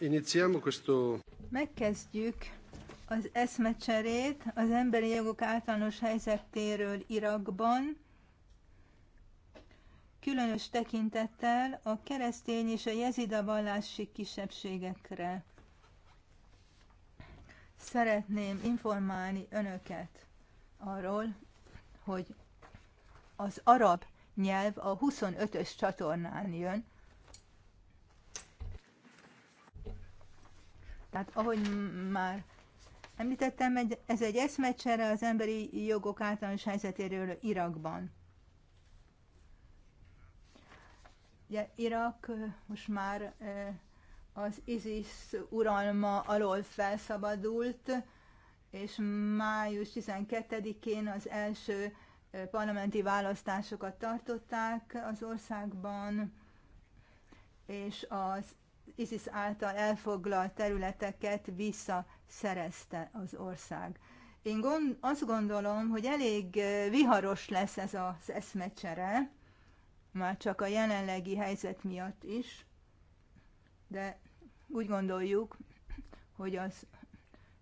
Iniziamo questo... Megkezdjük az eszmecserét az emberi jogok általános helyzetéről Irakban, különös tekintettel a keresztény és a jezida vallási kisebbségekre. Szeretném informálni önöket arról, hogy az arab nyelv a 25-ös csatornán jön. Tehát ahogy már említettem, ez egy eszmecsere az emberi jogok általános helyzetéről Irakban. Ugye Irak most már az ISIS uralma alól felszabadult, és május 12-én az első parlamenti választásokat tartották az országban, és az ISIS által elfoglalt területeket visszaszerezte az ország. Én gond, azt gondolom, hogy elég viharos lesz ez az eszmecsere, már csak a jelenlegi helyzet miatt is, de úgy gondoljuk, hogy az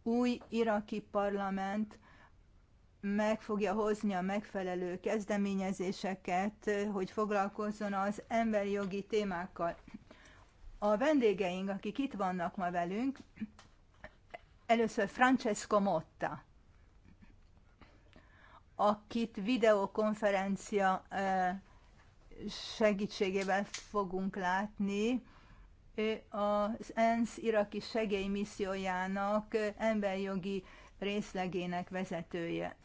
új iraki parlament meg fogja hozni a megfelelő kezdeményezéseket, hogy foglalkozzon az emberi jogi témákkal. A vendégeink, akik itt vannak ma velünk, először Francesco Motta, akit videokonferencia segítségével fogunk látni. Ő az ENSZ iraki segélymissziójának emberjogi részlegének vezetője.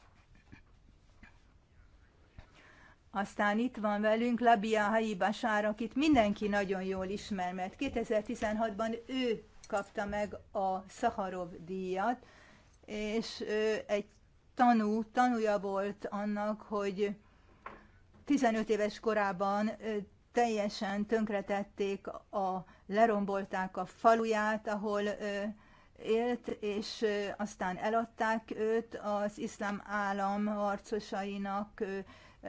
Aztán itt van velünk Labia Hai Basár, akit mindenki nagyon jól ismer, mert 2016-ban ő kapta meg a Szaharov díjat, és egy tanú, tanúja volt annak, hogy 15 éves korában teljesen tönkretették, a, lerombolták a faluját, ahol élt, és aztán eladták őt az iszlám állam harcosainak,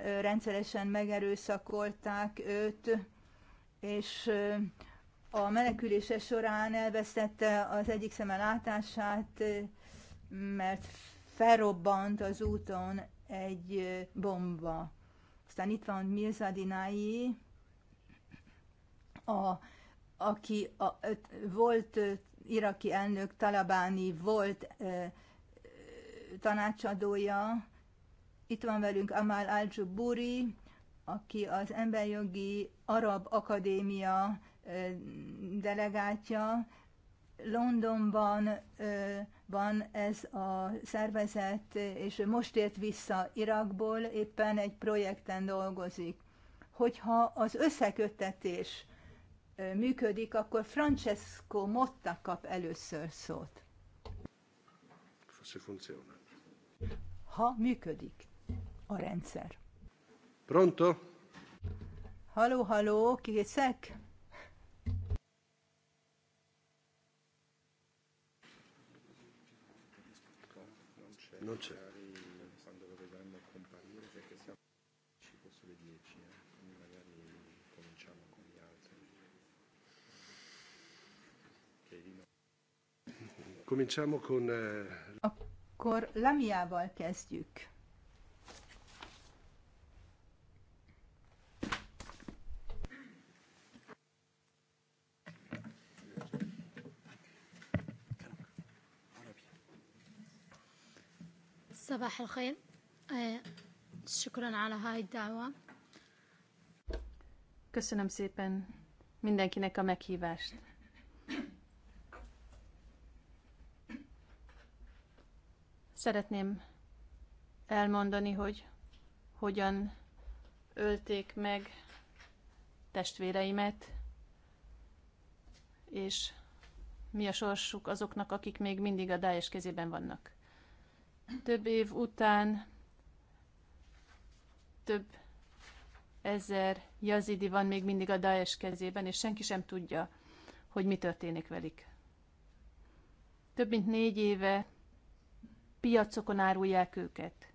rendszeresen megerőszakolták őt, és a menekülése során elvesztette az egyik szeme látását, mert felrobbant az úton egy bomba. Aztán itt van Mirza Dinai, a, aki a, volt iraki elnök Talabáni, volt tanácsadója, itt van velünk Amal al Buri, aki az Emberjogi Arab Akadémia delegátja. Londonban van ez a szervezet, és most ért vissza Irakból, éppen egy projekten dolgozik. Hogyha az összeköttetés működik, akkor Francesco Motta kap először szót. Ha működik a rendszer. Pronto? Haló, haló, készek? Non c'è. Quando dovevamo comparire perché siamo ci posso le 10, eh? quindi magari cominciamo con gli altri. Cominciamo con... Akkor Lamiával kezdjük. صباح الخير شكرا على هاي الدعوة Köszönöm szépen mindenkinek a meghívást. Szeretném elmondani, hogy hogyan ölték meg testvéreimet, és mi a sorsuk azoknak, akik még mindig a Dájes kezében vannak. Több év után több ezer jazidi van még mindig a Daesh kezében, és senki sem tudja, hogy mi történik velük. Több mint négy éve piacokon árulják őket.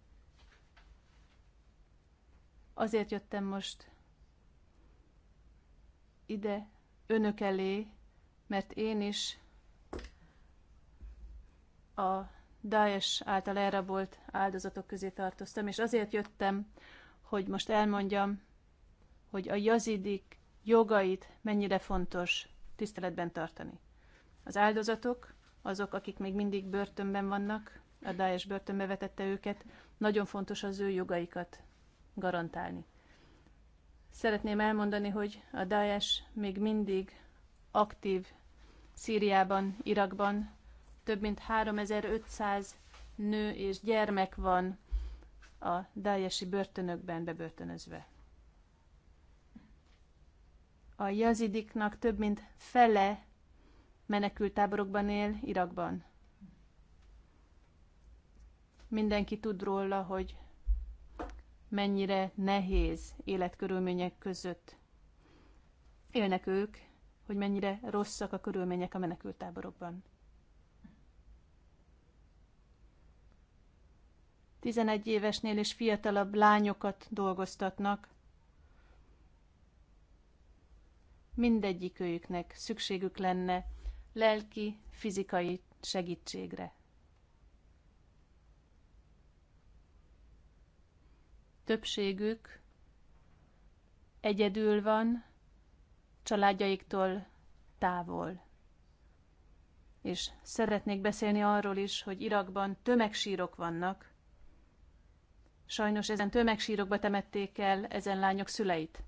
Azért jöttem most ide önök elé, mert én is a Daesh által elrabolt áldozatok közé tartoztam, és azért jöttem, hogy most elmondjam, hogy a jazidik jogait mennyire fontos tiszteletben tartani. Az áldozatok, azok, akik még mindig börtönben vannak, a Daesh börtönbe vetette őket, nagyon fontos az ő jogaikat garantálni. Szeretném elmondani, hogy a Daesh még mindig aktív Szíriában, Irakban, több mint 3500 nő és gyermek van a dájesi börtönökben bebörtönözve. A jazidiknak több mint fele menekültáborokban él Irakban. Mindenki tud róla, hogy mennyire nehéz életkörülmények között élnek ők, hogy mennyire rosszak a körülmények a menekültáborokban. 11 évesnél és fiatalabb lányokat dolgoztatnak. Mindegyikőjüknek szükségük lenne lelki, fizikai segítségre. Többségük egyedül van, családjaiktól távol. És szeretnék beszélni arról is, hogy Irakban tömegsírok vannak, Sajnos ezen tömegsírokba temették el ezen lányok szüleit.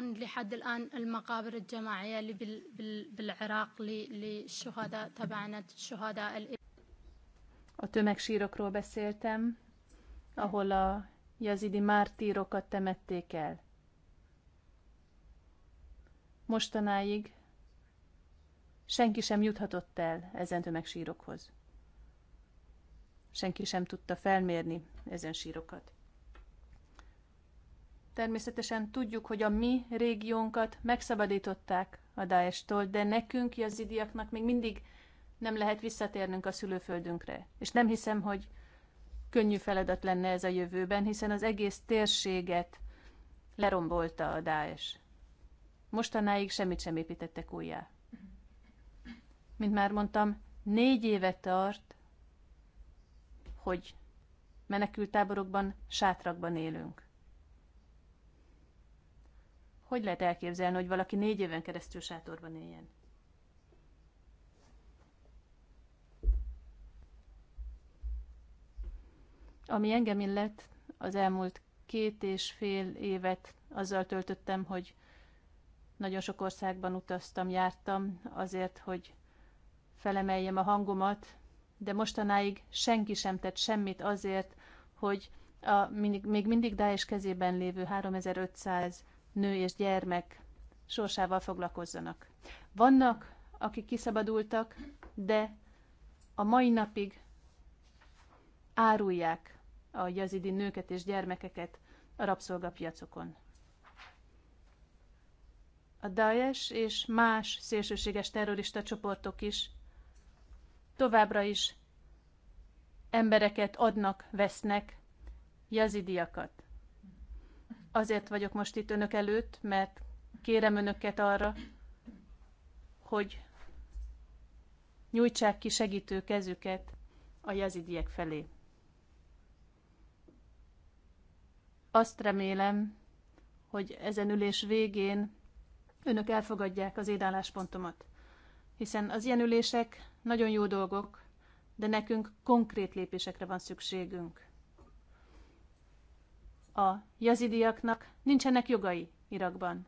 لحد الآن المقابر الجماعية اللي بال بال بالعراق للشهداء تبعنا الشهداء A tömegsírokról beszéltem, ahol a jazidi mártírokat temették el. Mostanáig senki sem juthatott el ezen tömegsírokhoz. Senki sem tudta felmérni ezen sírokat. Természetesen tudjuk, hogy a mi régiónkat megszabadították a Daestól, de nekünk, jazidiaknak még mindig nem lehet visszatérnünk a szülőföldünkre. És nem hiszem, hogy könnyű feladat lenne ez a jövőben, hiszen az egész térséget lerombolta a Daesh. Mostanáig semmit sem építettek újjá. Mint már mondtam, négy éve tart, hogy menekültáborokban, sátrakban élünk. Hogy lehet elképzelni, hogy valaki négy éven keresztül sátorban éljen? Ami engem illet, az elmúlt két és fél évet azzal töltöttem, hogy nagyon sok országban utaztam, jártam azért, hogy felemeljem a hangomat, de mostanáig senki sem tett semmit azért, hogy a még mindig Daesh kezében lévő 3500 nő és gyermek sorsával foglalkozzanak. Vannak, akik kiszabadultak, de a mai napig árulják a jazidi nőket és gyermekeket a rabszolgapiacokon. A Daesh és más szélsőséges terrorista csoportok is továbbra is embereket adnak, vesznek, jazidiakat. Azért vagyok most itt önök előtt, mert kérem önöket arra, hogy nyújtsák ki segítő kezüket a jazidiek felé. Azt remélem, hogy ezen ülés végén önök elfogadják az én Hiszen az ilyen ülések nagyon jó dolgok, de nekünk konkrét lépésekre van szükségünk. A jazidiaknak nincsenek jogai Irakban.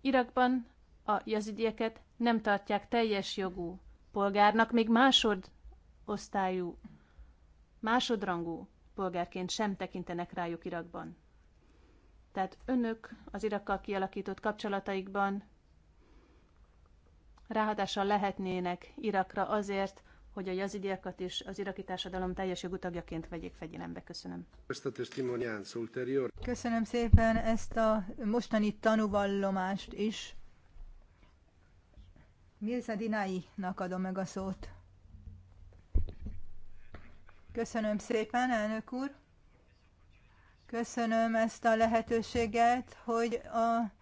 Irakban a jazidieket nem tartják teljes jogú polgárnak, még másod osztályú, másodrangú polgárként sem tekintenek rájuk Irakban. Tehát önök az Irakkal kialakított kapcsolataikban ráhatással lehetnének Irakra azért, hogy a jazidiakat is az iraki társadalom teljes jogú tagjaként vegyék fegyelembe. Köszönöm. Köszönöm szépen ezt a mostani tanúvallomást is. Mirza Dinai-nak adom meg a szót. Köszönöm szépen, elnök úr. Köszönöm ezt a lehetőséget, hogy a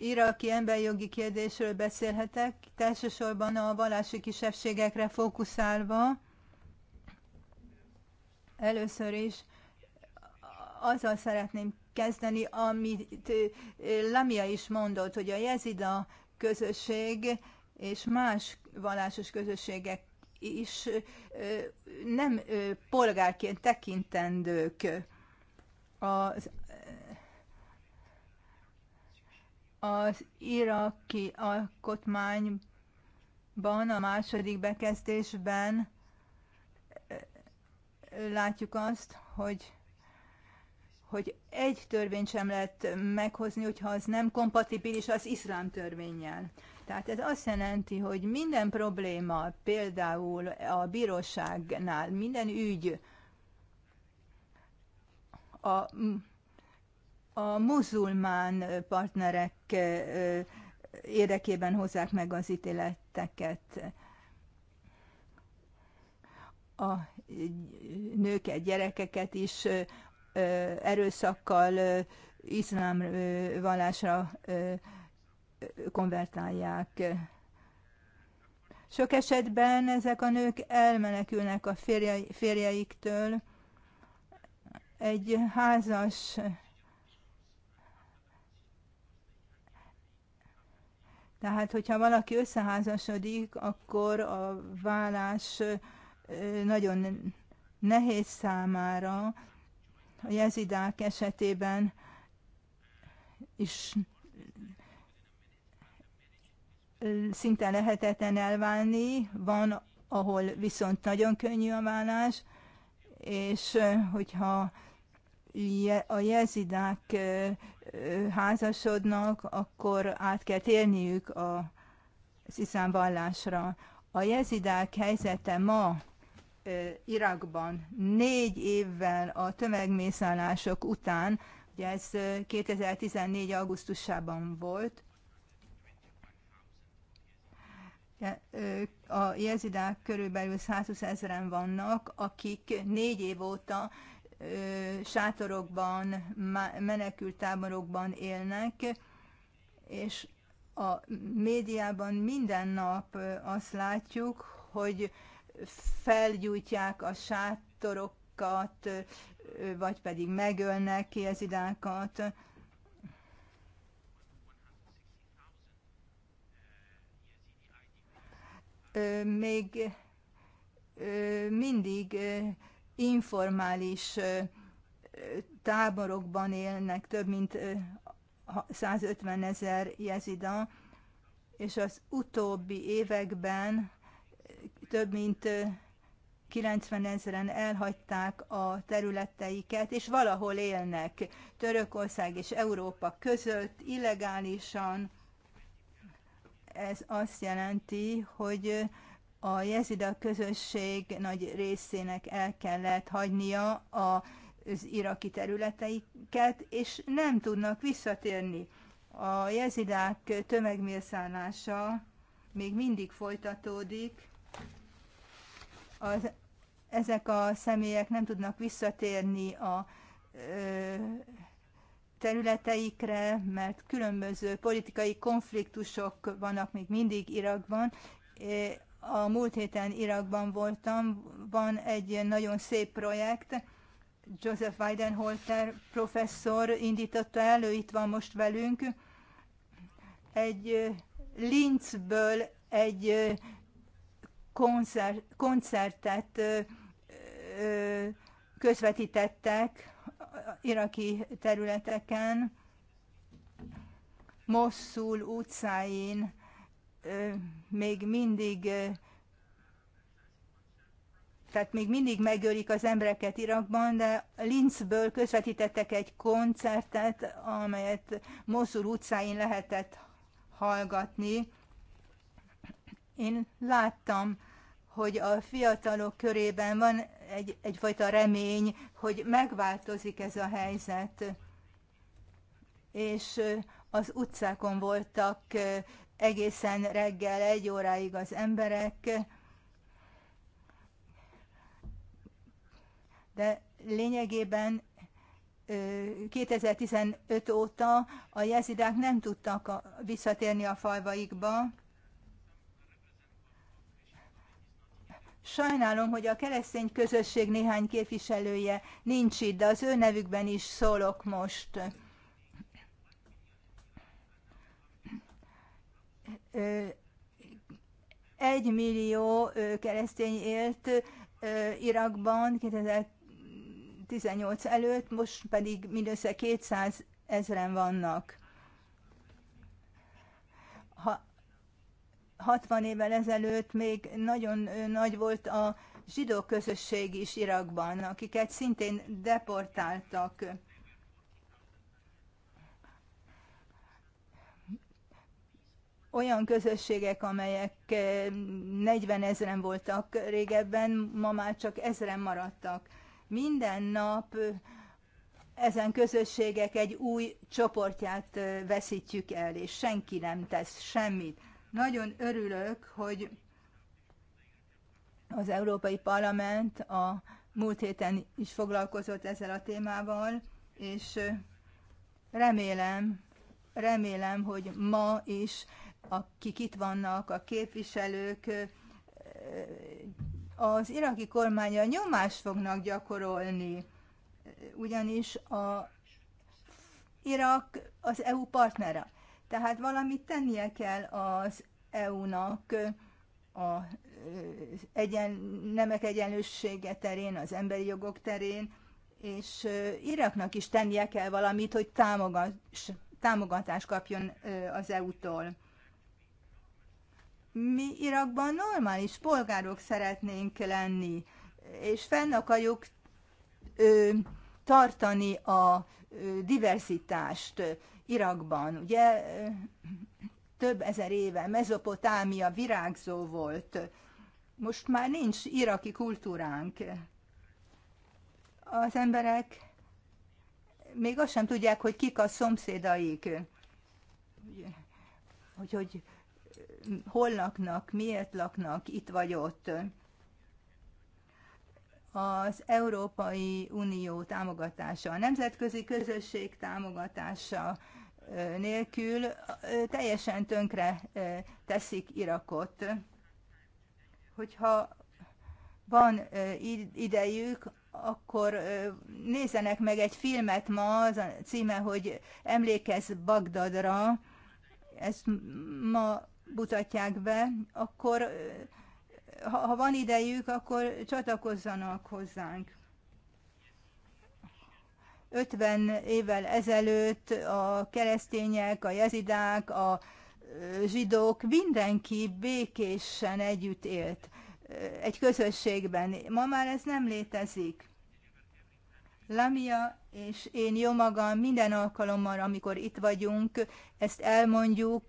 iraki emberjogi kérdésről beszélhetek, elsősorban a vallási kisebbségekre fókuszálva. Először is azzal szeretném kezdeni, amit Lamia is mondott, hogy a jezida közösség és más vallásos közösségek is nem polgárként tekintendők. Az Az iraki alkotmányban, a második bekezdésben látjuk azt, hogy hogy egy törvényt sem lehet meghozni, hogyha az nem kompatibilis az iszlám törvényel. Tehát ez azt jelenti, hogy minden probléma, például a bíróságnál, minden ügy a a muzulmán partnerek érdekében hozzák meg az ítéleteket. A nőket, gyerekeket is erőszakkal iszlám vallásra konvertálják. Sok esetben ezek a nők elmenekülnek a férjeiktől. Egy házas Tehát, hogyha valaki összeházasodik, akkor a válás nagyon nehéz számára. A jezidák esetében is szinte lehetetlen elválni, van, ahol viszont nagyon könnyű a válás, és hogyha a jezidák házasodnak, akkor át kell térniük a, az iszlám vallásra. A jezidák helyzete ma Irakban négy évvel a tömegmészállások után, ugye ez 2014. augusztusában volt, a jezidák körülbelül 120 ezeren vannak, akik négy év óta sátorokban, menekültáborokban élnek, és a médiában minden nap azt látjuk, hogy felgyújtják a sátorokat, vagy pedig megölnek idákat. Még mindig informális táborokban élnek több mint 150 ezer jezida, és az utóbbi években több mint 90 ezeren elhagyták a területeiket, és valahol élnek Törökország és Európa között illegálisan. Ez azt jelenti, hogy a jezida közösség nagy részének el kellett hagynia a az iraki területeiket, és nem tudnak visszatérni. A jezidák tömegmérszállása még mindig folytatódik. Az, ezek a személyek nem tudnak visszatérni a ö, területeikre, mert különböző politikai konfliktusok vannak még mindig Irakban. A múlt héten Irakban voltam, van egy nagyon szép projekt, Joseph Weidenholter professzor indította el, ő itt van most velünk, egy lincből egy koncert, koncertet közvetítettek iraki területeken, Mosszul utcáin még mindig tehát még mindig megölik az embereket Irakban, de Linzből közvetítettek egy koncertet, amelyet Mosul utcáin lehetett hallgatni. Én láttam, hogy a fiatalok körében van egy, egyfajta remény, hogy megváltozik ez a helyzet. És az utcákon voltak egészen reggel egy óráig az emberek, de lényegében 2015 óta a jezidák nem tudtak visszatérni a falvaikba. Sajnálom, hogy a keresztény közösség néhány képviselője nincs itt, de az ő nevükben is szólok most. Egy millió keresztény élt Irakban 2018 előtt, most pedig mindössze 200 ezren vannak. Ha 60 évvel ezelőtt még nagyon nagy volt a zsidó közösség is Irakban, akiket szintén deportáltak. olyan közösségek, amelyek 40 eh, ezeren voltak régebben, ma már csak ezeren maradtak. Minden nap eh, ezen közösségek egy új csoportját eh, veszítjük el, és senki nem tesz semmit. Nagyon örülök, hogy az Európai Parlament a múlt héten is foglalkozott ezzel a témával, és remélem, remélem, hogy ma is akik itt vannak, a képviselők, az iraki kormánya nyomást fognak gyakorolni, ugyanis a Irak az EU partnere. Tehát valamit tennie kell az EU-nak a egyen, nemek egyenlőssége terén, az emberi jogok terén, és Iraknak is tennie kell valamit, hogy támogat, támogatást kapjon az EU-tól. Mi Irakban normális polgárok szeretnénk lenni, és fenn akarjuk ö, tartani a ö, diversitást Irakban. Ugye ö, több ezer éve Mezopotámia virágzó volt. Most már nincs iraki kultúránk. Az emberek még azt sem tudják, hogy kik a szomszédaik. Hogy, hogy hol laknak, miért laknak itt vagy ott. Az Európai Unió támogatása, a nemzetközi közösség támogatása nélkül teljesen tönkre teszik Irakot. Hogyha van idejük, akkor nézzenek meg egy filmet ma, az a címe, hogy Emlékezz Bagdadra. Ezt ma mutatják be, akkor ha van idejük, akkor csatlakozzanak hozzánk. 50 évvel ezelőtt a keresztények, a jezidák, a zsidók, mindenki békésen együtt élt egy közösségben. Ma már ez nem létezik. Lamia és én jó magam minden alkalommal, amikor itt vagyunk, ezt elmondjuk,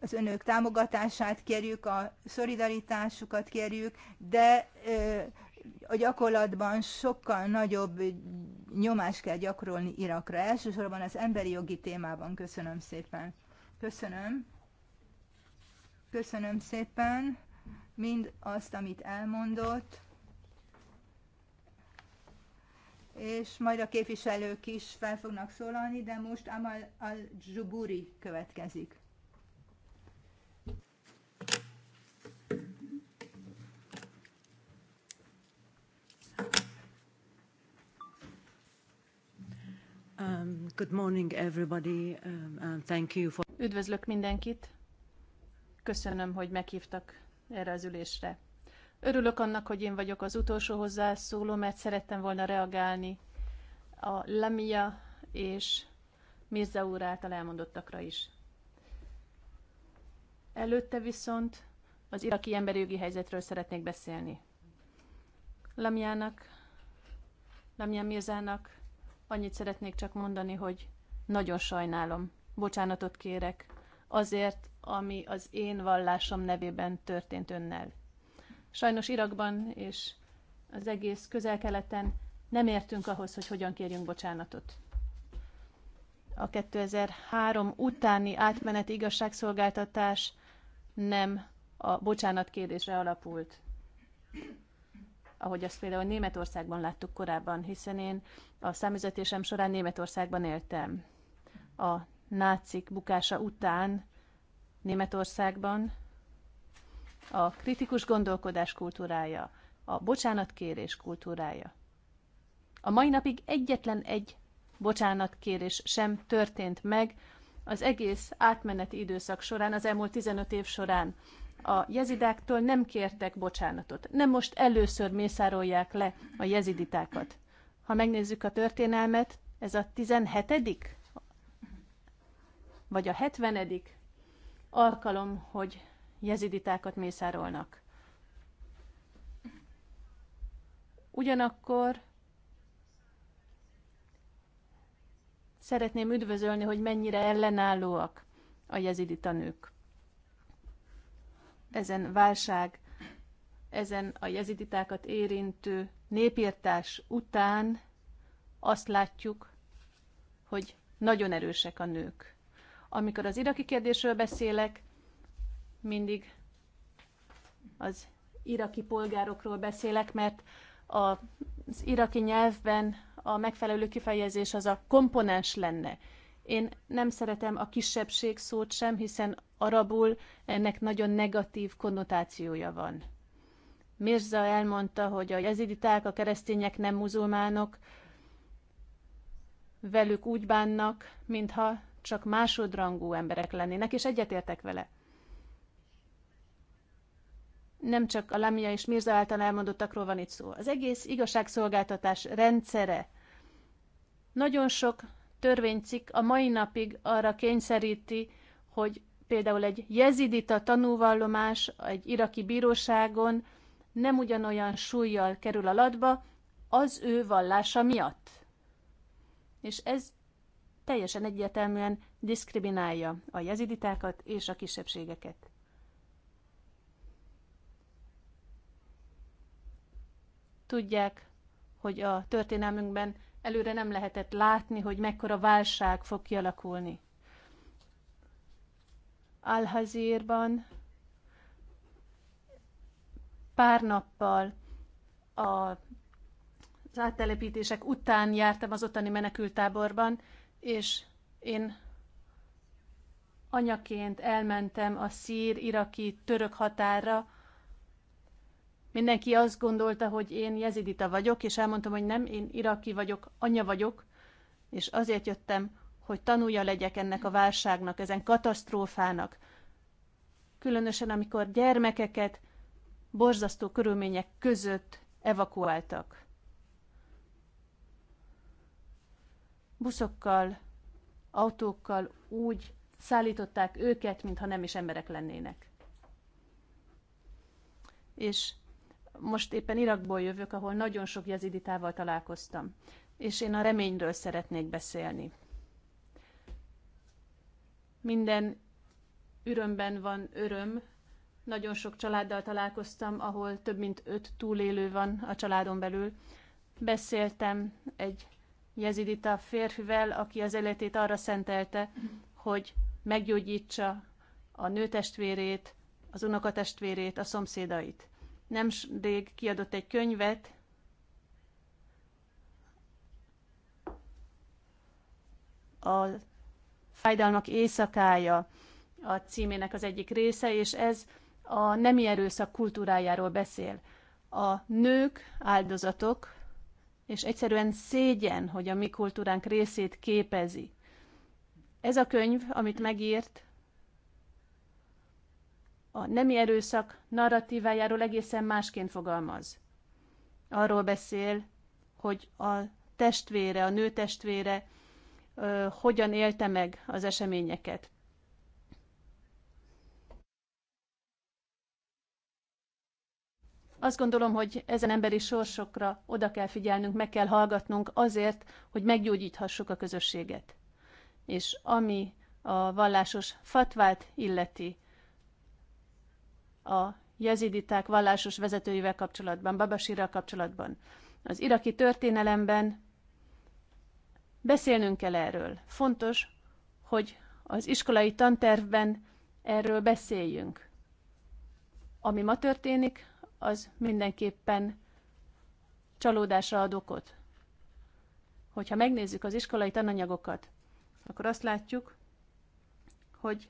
az önök támogatását kérjük, a szolidaritásukat kérjük, de a gyakorlatban sokkal nagyobb nyomást kell gyakorolni Irakra. Elsősorban az emberi jogi témában. Köszönöm szépen. Köszönöm. Köszönöm szépen mind azt, amit elmondott és majd a képviselők is fel fognak szólalni, de most Amal al zsuburi következik. Um, good morning everybody, um, and thank you for... Üdvözlök mindenkit, köszönöm, hogy meghívtak erre az ülésre. Örülök annak, hogy én vagyok az utolsó hozzászóló, mert szerettem volna reagálni a Lemia és Mirza úr által elmondottakra is. Előtte viszont az iraki emberi jogi helyzetről szeretnék beszélni. Lamiának, Lamia Mirzának annyit szeretnék csak mondani, hogy nagyon sajnálom, bocsánatot kérek azért, ami az én vallásom nevében történt önnel. Sajnos Irakban és az egész közel-keleten nem értünk ahhoz, hogy hogyan kérjünk bocsánatot. A 2003 utáni átmeneti igazságszolgáltatás nem a bocsánatkérésre alapult, ahogy azt például Németországban láttuk korábban, hiszen én a számüzetésem során Németországban éltem. A nácik bukása után Németországban a kritikus gondolkodás kultúrája, a bocsánatkérés kultúrája. A mai napig egyetlen egy bocsánatkérés sem történt meg az egész átmeneti időszak során, az elmúlt 15 év során. A jezidáktól nem kértek bocsánatot. Nem most először mészárolják le a jeziditákat. Ha megnézzük a történelmet, ez a 17 vagy a 70 alkalom, hogy jeziditákat mészárolnak. Ugyanakkor szeretném üdvözölni, hogy mennyire ellenállóak a jezidi tanők. Ezen válság, ezen a jeziditákat érintő népírtás után azt látjuk, hogy nagyon erősek a nők. Amikor az iraki kérdésről beszélek, mindig az iraki polgárokról beszélek, mert az iraki nyelvben a megfelelő kifejezés az a komponens lenne. Én nem szeretem a kisebbség szót sem, hiszen arabul ennek nagyon negatív konnotációja van. Mirza elmondta, hogy a jeziditák, a keresztények nem muzulmánok, velük úgy bánnak, mintha csak másodrangú emberek lennének, és egyetértek vele nem csak a Lamia és Mirza által elmondottakról van itt szó. Az egész igazságszolgáltatás rendszere nagyon sok törvénycikk a mai napig arra kényszeríti, hogy például egy jezidita tanúvallomás egy iraki bíróságon nem ugyanolyan súlyjal kerül a latba, az ő vallása miatt. És ez teljesen egyértelműen diszkriminálja a jeziditákat és a kisebbségeket. Tudják, hogy a történelmünkben előre nem lehetett látni, hogy mekkora válság fog kialakulni. Alhazírban pár nappal a, az áttelepítések után jártam az ottani menekültáborban, és én anyaként elmentem a szír-iraki török határra, Mindenki azt gondolta, hogy én jezidita vagyok, és elmondtam, hogy nem, én iraki vagyok, anya vagyok, és azért jöttem, hogy tanulja legyek ennek a válságnak, ezen katasztrófának. Különösen, amikor gyermekeket borzasztó körülmények között evakuáltak. Buszokkal, autókkal úgy szállították őket, mintha nem is emberek lennének. És most éppen Irakból jövök, ahol nagyon sok jeziditával találkoztam, és én a reményről szeretnék beszélni. Minden ürömben van öröm, nagyon sok családdal találkoztam, ahol több mint öt túlélő van a családon belül. Beszéltem egy jezidita férfivel, aki az életét arra szentelte, hogy meggyógyítsa a nőtestvérét, az unokatestvérét, a szomszédait nem rég kiadott egy könyvet, a fájdalmak éjszakája a címének az egyik része, és ez a nemi erőszak kultúrájáról beszél. A nők áldozatok, és egyszerűen szégyen, hogy a mi kultúránk részét képezi. Ez a könyv, amit megírt, a nemi erőszak narratívájáról egészen másként fogalmaz. Arról beszél, hogy a testvére, a nő testvére ö, hogyan élte meg az eseményeket. Azt gondolom, hogy ezen emberi sorsokra oda kell figyelnünk, meg kell hallgatnunk azért, hogy meggyógyíthassuk a közösséget. És ami a vallásos fatvát illeti, a jeziditák vallásos vezetőivel kapcsolatban, Babasirral kapcsolatban. Az iraki történelemben beszélnünk kell erről. Fontos, hogy az iskolai tantervben erről beszéljünk. Ami ma történik, az mindenképpen csalódásra ad okot. Hogyha megnézzük az iskolai tananyagokat, akkor azt látjuk, hogy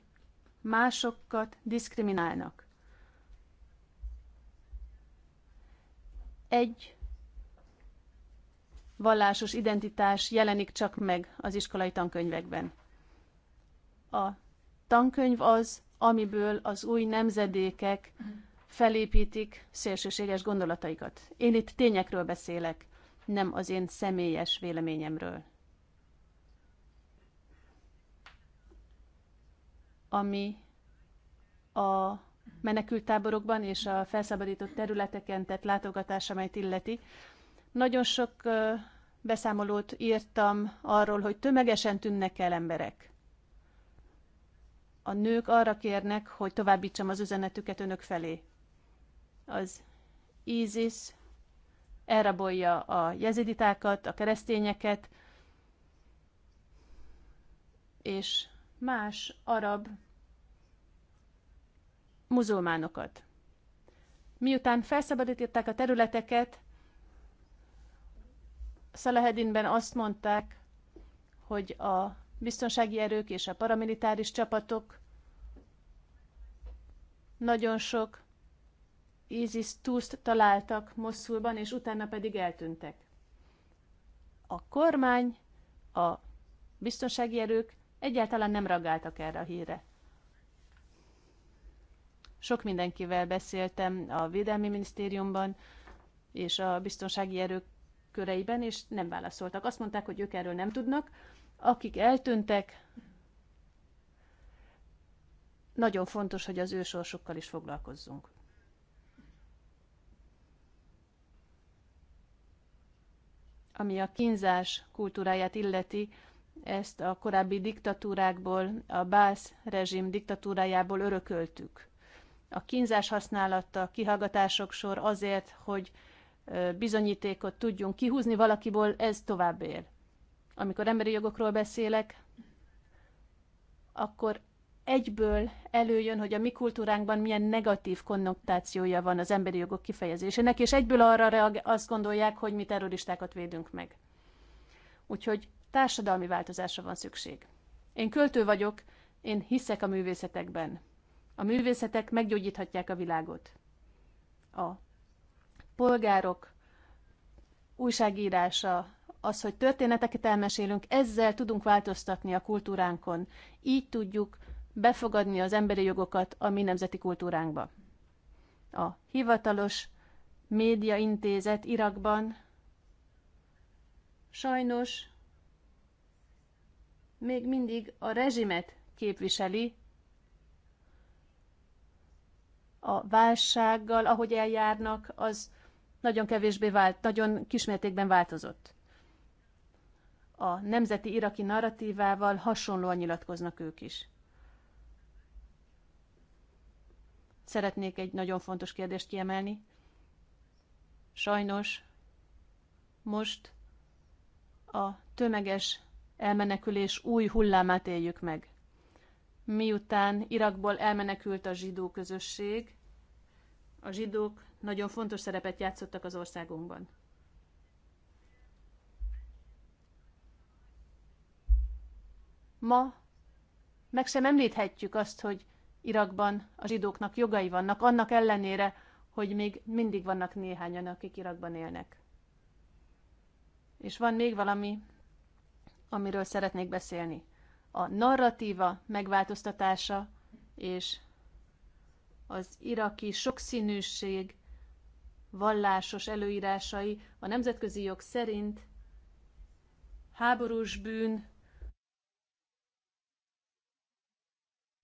másokat diszkriminálnak egy vallásos identitás jelenik csak meg az iskolai tankönyvekben. A tankönyv az, amiből az új nemzedékek felépítik szélsőséges gondolataikat. Én itt tényekről beszélek, nem az én személyes véleményemről. Ami a menekülttáborokban és a felszabadított területeken tett látogatás, amelyet illeti. Nagyon sok beszámolót írtam arról, hogy tömegesen tűnnek el emberek. A nők arra kérnek, hogy továbbítsam az üzenetüket önök felé. Az ISIS elrabolja a jeziditákat, a keresztényeket, és más arab muzulmánokat. Miután felszabadították a területeket, Szalahedinben azt mondták, hogy a biztonsági erők és a paramilitáris csapatok nagyon sok ISIS túszt találtak Mosszulban, és utána pedig eltűntek. A kormány, a biztonsági erők egyáltalán nem ragáltak erre a hírre. Sok mindenkivel beszéltem a Védelmi Minisztériumban és a biztonsági erők köreiben, és nem válaszoltak. Azt mondták, hogy ők erről nem tudnak. Akik eltűntek, nagyon fontos, hogy az sorsukkal is foglalkozzunk. Ami a kínzás kultúráját illeti, ezt a korábbi diktatúrákból, a Bász rezsim diktatúrájából örököltük a kínzás használata, kihallgatások sor azért, hogy bizonyítékot tudjunk kihúzni valakiból, ez tovább él. Amikor emberi jogokról beszélek, akkor egyből előjön, hogy a mi kultúránkban milyen negatív konnotációja van az emberi jogok kifejezésének, és egyből arra reag- azt gondolják, hogy mi terroristákat védünk meg. Úgyhogy társadalmi változásra van szükség. Én költő vagyok, én hiszek a művészetekben. A művészetek meggyógyíthatják a világot. A polgárok újságírása, az, hogy történeteket elmesélünk, ezzel tudunk változtatni a kultúránkon. Így tudjuk befogadni az emberi jogokat a mi nemzeti kultúránkba. A hivatalos médiaintézet Irakban sajnos még mindig a rezsimet képviseli, a válsággal, ahogy eljárnak, az nagyon kevésbé vált, nagyon kismértékben változott. A nemzeti iraki narratívával hasonlóan nyilatkoznak ők is. Szeretnék egy nagyon fontos kérdést kiemelni. Sajnos most a tömeges elmenekülés új hullámát éljük meg miután Irakból elmenekült a zsidó közösség, a zsidók nagyon fontos szerepet játszottak az országunkban. Ma meg sem említhetjük azt, hogy Irakban a zsidóknak jogai vannak, annak ellenére, hogy még mindig vannak néhányan, akik Irakban élnek. És van még valami, amiről szeretnék beszélni a narratíva megváltoztatása és az iraki sokszínűség vallásos előírásai a nemzetközi jog szerint háborús bűn,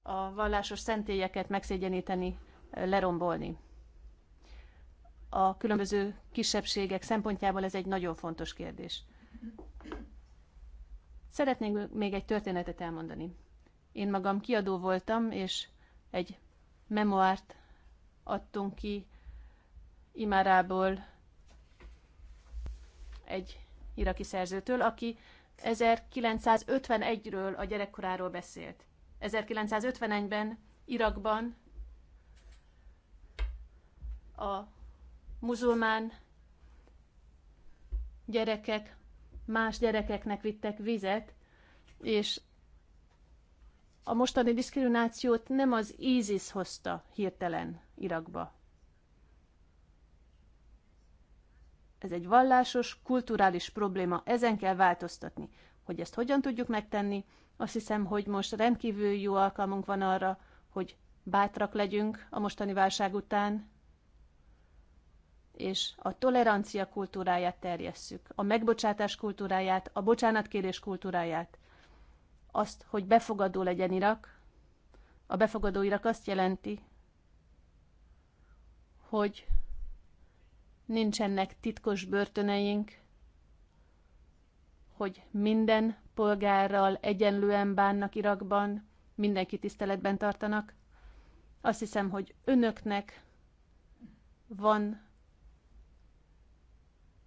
a vallásos szentélyeket megszégyeníteni, lerombolni. A különböző kisebbségek szempontjából ez egy nagyon fontos kérdés. Szeretnék még egy történetet elmondani. Én magam kiadó voltam, és egy memoárt adtunk ki Imárából egy iraki szerzőtől, aki 1951-ről a gyerekkoráról beszélt. 1951-ben Irakban a muzulmán gyerekek más gyerekeknek vittek vizet, és a mostani diszkriminációt nem az ISIS hozta hirtelen Irakba. Ez egy vallásos, kulturális probléma, ezen kell változtatni. Hogy ezt hogyan tudjuk megtenni, azt hiszem, hogy most rendkívül jó alkalmunk van arra, hogy bátrak legyünk a mostani válság után, és a tolerancia kultúráját terjesszük, a megbocsátás kultúráját, a bocsánatkérés kultúráját, azt, hogy befogadó legyen Irak. A befogadó Irak azt jelenti, hogy nincsenek titkos börtöneink, hogy minden polgárral egyenlően bánnak Irakban, mindenki tiszteletben tartanak. Azt hiszem, hogy önöknek van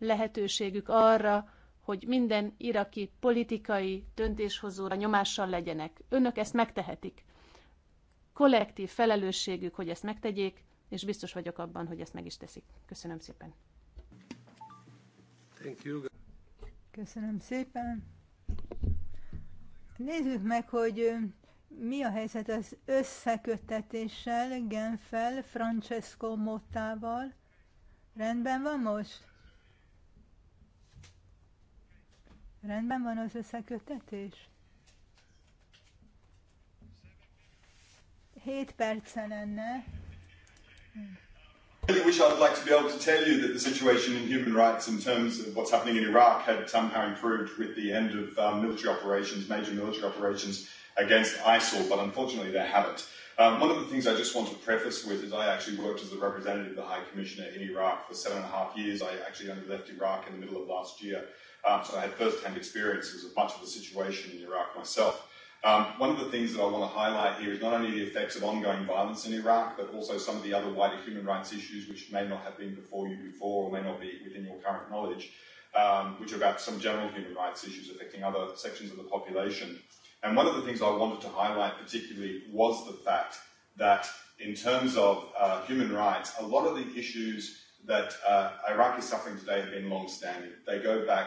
lehetőségük arra, hogy minden iraki politikai döntéshozóra nyomással legyenek. Önök ezt megtehetik. Kollektív felelősségük, hogy ezt megtegyék, és biztos vagyok abban, hogy ezt meg is teszik. Köszönöm szépen. Thank you. Köszönöm szépen. Nézzük meg, hogy mi a helyzet az összeköttetéssel, Genfel, Francesco Mottával. Rendben van most? Rendben van az összekötetés? 7 perce lenne. I wish I'd like to be able to tell you that the situation in human rights in terms of what's happening in Iraq had somehow improved with the end of um, military operations, major military operations against ISIL, but unfortunately they haven't. Um, one of the things I just want to preface with is I actually worked as the representative of the High Commissioner in Iraq for seven and a half years. I actually only left Iraq in the middle of last year. Um, so I had first-hand experiences of much of the situation in Iraq myself. Um, one of the things that I want to highlight here is not only the effects of ongoing violence in Iraq, but also some of the other wider human rights issues which may not have been before you before or may not be within your current knowledge, um, which are about some general human rights issues affecting other sections of the population. And one of the things I wanted to highlight particularly was the fact that in terms of uh, human rights, a lot of the issues that uh, Iraq is suffering today have been long-standing. They go back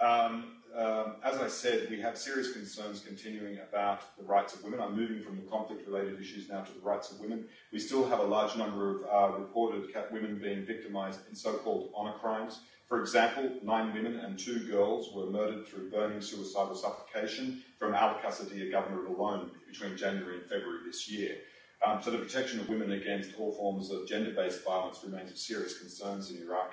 Um, um, as I said, we have serious concerns continuing about the rights of women. I'm moving from the conflict-related issues now to the rights of women. We still have a large number of uh, reported women being victimized in so-called honor crimes. For example, nine women and two girls were murdered through burning, suicide, or suffocation from Al Qasadiya governorate alone between January and February this year. Um, so the protection of women against all forms of gender-based violence remains of serious concerns in Iraq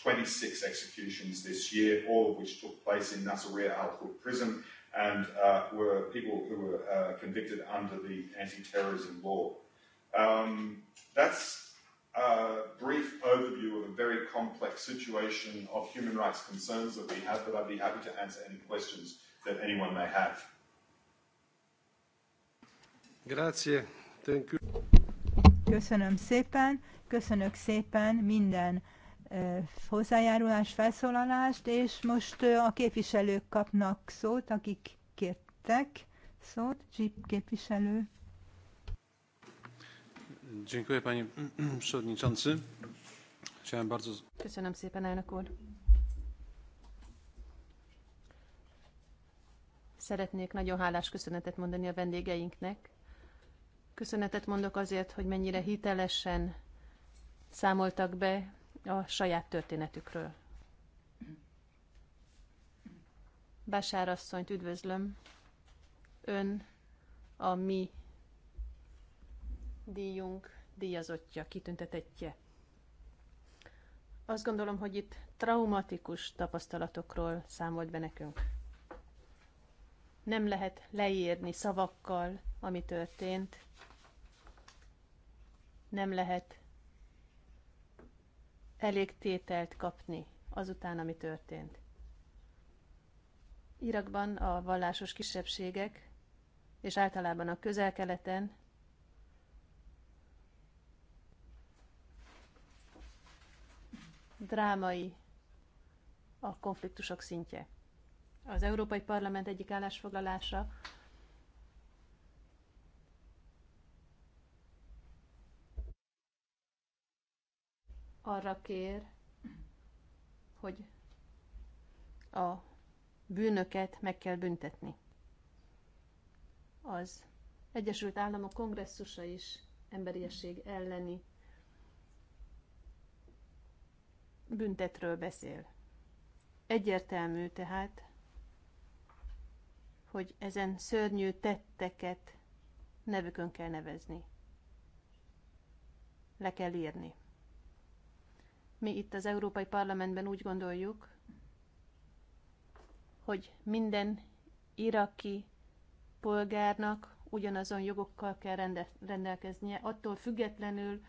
26 executions this year, all of which took place in Nasiriyah Al Hood prison and uh, were people who were uh, convicted under the anti terrorism law. Um, that's a brief overview of a very complex situation of human rights concerns that we have, but I'd be happy to answer any questions that anyone may have. Grazie. Thank you. Köszönöm szépen, köszönök szépen minden hozzájárulás, felszólalást, és most a képviselők kapnak szót, akik kértek szót. Jeep képviselő. Köszönöm szépen, elnök úr. Szeretnék nagyon hálás köszönetet mondani a vendégeinknek. Köszönetet mondok azért, hogy mennyire hitelesen számoltak be a saját történetükről. Basár asszonyt üdvözlöm. Ön a mi díjunk díjazottja, kitüntetettje. Azt gondolom, hogy itt traumatikus tapasztalatokról számolt be nekünk. Nem lehet leírni szavakkal, ami történt. Nem lehet elég tételt kapni azután, ami történt. Irakban a vallásos kisebbségek, és általában a közel-keleten drámai a konfliktusok szintje. Az Európai Parlament egyik állásfoglalása arra kér, hogy a bűnöket meg kell büntetni. Az Egyesült Államok kongresszusa is emberiesség elleni büntetről beszél. Egyértelmű tehát, hogy ezen szörnyű tetteket nevükön kell nevezni. Le kell írni. Mi itt az Európai Parlamentben úgy gondoljuk, hogy minden iraki polgárnak ugyanazon jogokkal kell rendelkeznie, attól függetlenül,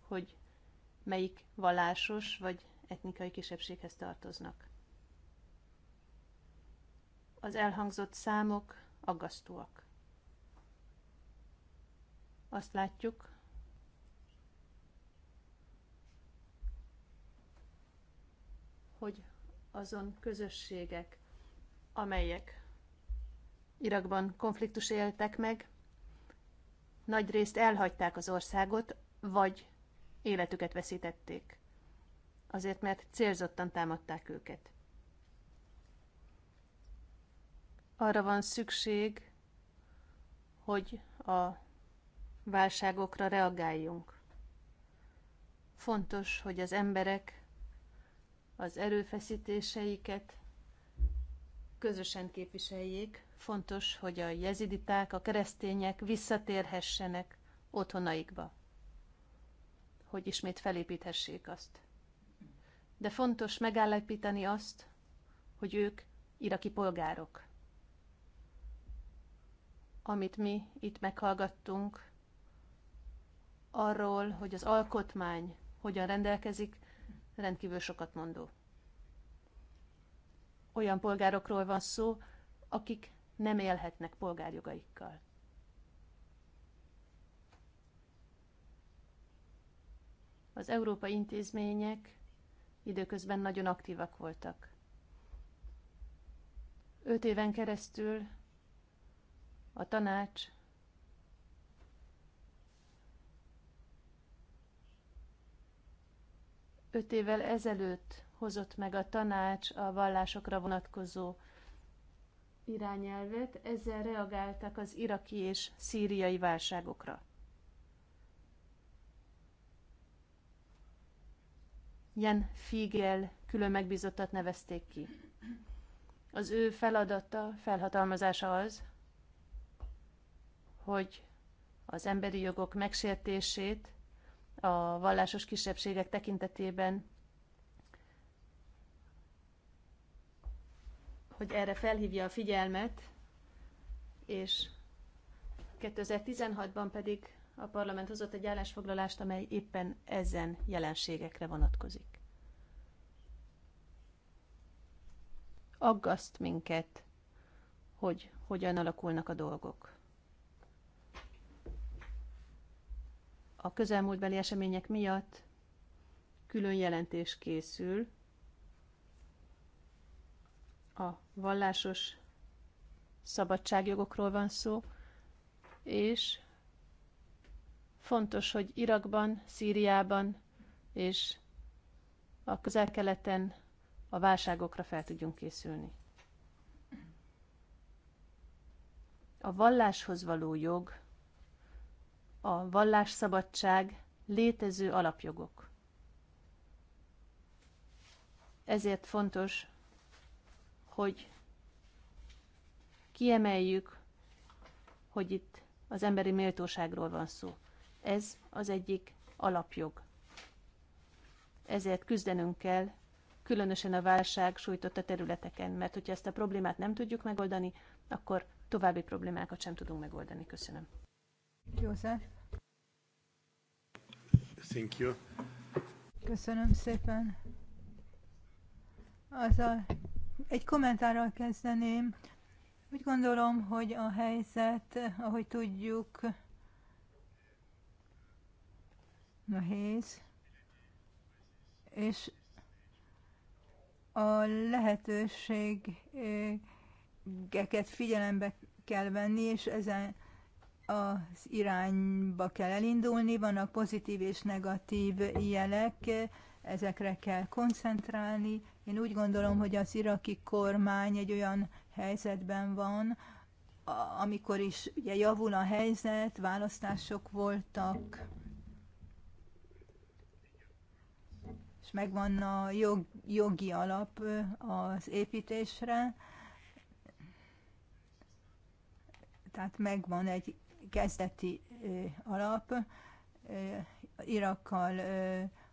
hogy melyik vallásos vagy etnikai kisebbséghez tartoznak. Az elhangzott számok aggasztóak. Azt látjuk, hogy azon közösségek, amelyek Irakban konfliktus éltek meg, nagy részt elhagyták az országot, vagy életüket veszítették. Azért, mert célzottan támadták őket. Arra van szükség, hogy a válságokra reagáljunk. Fontos, hogy az emberek az erőfeszítéseiket közösen képviseljék. Fontos, hogy a jeziditák, a keresztények visszatérhessenek otthonaikba, hogy ismét felépíthessék azt. De fontos megállapítani azt, hogy ők iraki polgárok. Amit mi itt meghallgattunk, arról, hogy az alkotmány hogyan rendelkezik, rendkívül sokat mondó. Olyan polgárokról van szó, akik nem élhetnek polgárjogaikkal. Az európai intézmények időközben nagyon aktívak voltak. Öt éven keresztül a tanács öt évvel ezelőtt hozott meg a tanács a vallásokra vonatkozó irányelvet, ezzel reagáltak az iraki és szíriai válságokra. Jen Figel külön megbízottat nevezték ki. Az ő feladata, felhatalmazása az, hogy az emberi jogok megsértését a vallásos kisebbségek tekintetében, hogy erre felhívja a figyelmet, és 2016-ban pedig a parlament hozott egy állásfoglalást, amely éppen ezen jelenségekre vonatkozik. Aggaszt minket, hogy hogyan alakulnak a dolgok. a közelmúltbeli események miatt külön jelentés készül a vallásos szabadságjogokról van szó, és fontos, hogy Irakban, Szíriában és a közel-keleten a válságokra fel tudjunk készülni. A valláshoz való jog a vallásszabadság létező alapjogok. Ezért fontos, hogy kiemeljük, hogy itt az emberi méltóságról van szó. Ez az egyik alapjog. Ezért küzdenünk kell, különösen a válság sújtotta területeken, mert hogyha ezt a problémát nem tudjuk megoldani, akkor további problémákat sem tudunk megoldani. Köszönöm. József. Thank you. Köszönöm szépen. a, egy kommentárral kezdeném. Úgy gondolom, hogy a helyzet, ahogy tudjuk, nehéz, és a lehetőségeket figyelembe kell venni, és ezen az irányba kell elindulni, vannak pozitív és negatív jelek, ezekre kell koncentrálni. Én úgy gondolom, hogy az iraki kormány egy olyan helyzetben van, amikor is ugye javul a helyzet, választások voltak, és megvan a jog, jogi alap az építésre, tehát megvan egy kezdeti alap. Irakkal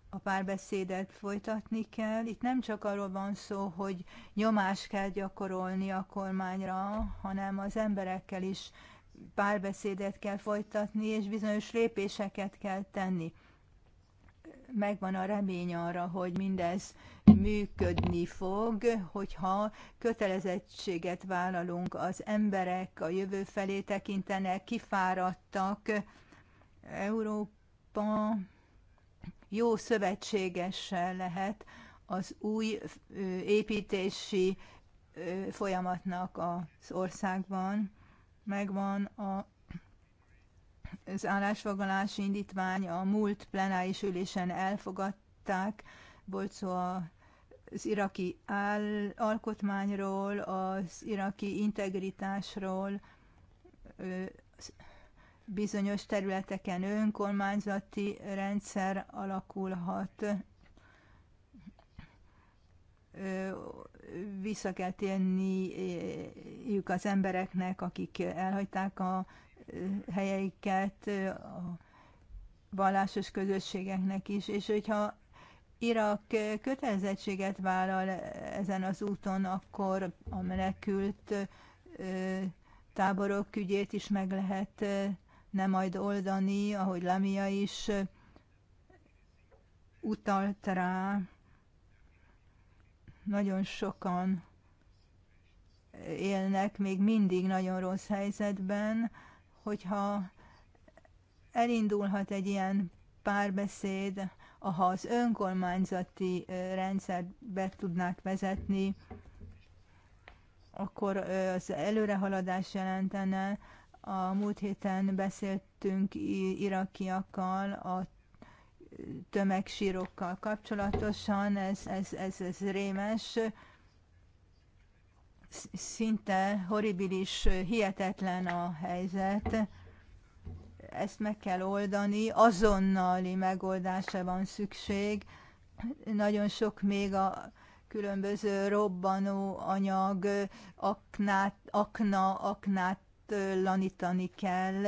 a párbeszédet folytatni kell. Itt nem csak arról van szó, hogy nyomást kell gyakorolni a kormányra, hanem az emberekkel is párbeszédet kell folytatni, és bizonyos lépéseket kell tenni megvan a remény arra, hogy mindez működni fog, hogyha kötelezettséget vállalunk, az emberek a jövő felé tekintenek, kifáradtak. Európa jó szövetségessel lehet az új építési folyamatnak az országban. Megvan a az állásfoglalási indítvány a múlt plenáris ülésen elfogadták, volt szó az iraki áll, alkotmányról, az iraki integritásról, bizonyos területeken önkormányzati rendszer alakulhat, vissza kell térniük az embereknek, akik elhagyták a helyeiket a vallásos közösségeknek is, és hogyha Irak kötelezettséget vállal e, ezen az úton, akkor a menekült táborok ügyét is meg lehet nem majd oldani, ahogy Lamia is utalt rá. Nagyon sokan élnek még mindig nagyon rossz helyzetben, hogyha elindulhat egy ilyen párbeszéd, ha az önkormányzati rendszert be tudnák vezetni, akkor az előrehaladás jelentene. A múlt héten beszéltünk irakiakkal a tömegsírokkal kapcsolatosan, ez, ez, ez, ez rémes szinte horribilis, hihetetlen a helyzet. Ezt meg kell oldani, azonnali megoldásra van szükség. Nagyon sok még a különböző robbanó anyag, aknát, akna, aknát lanítani kell,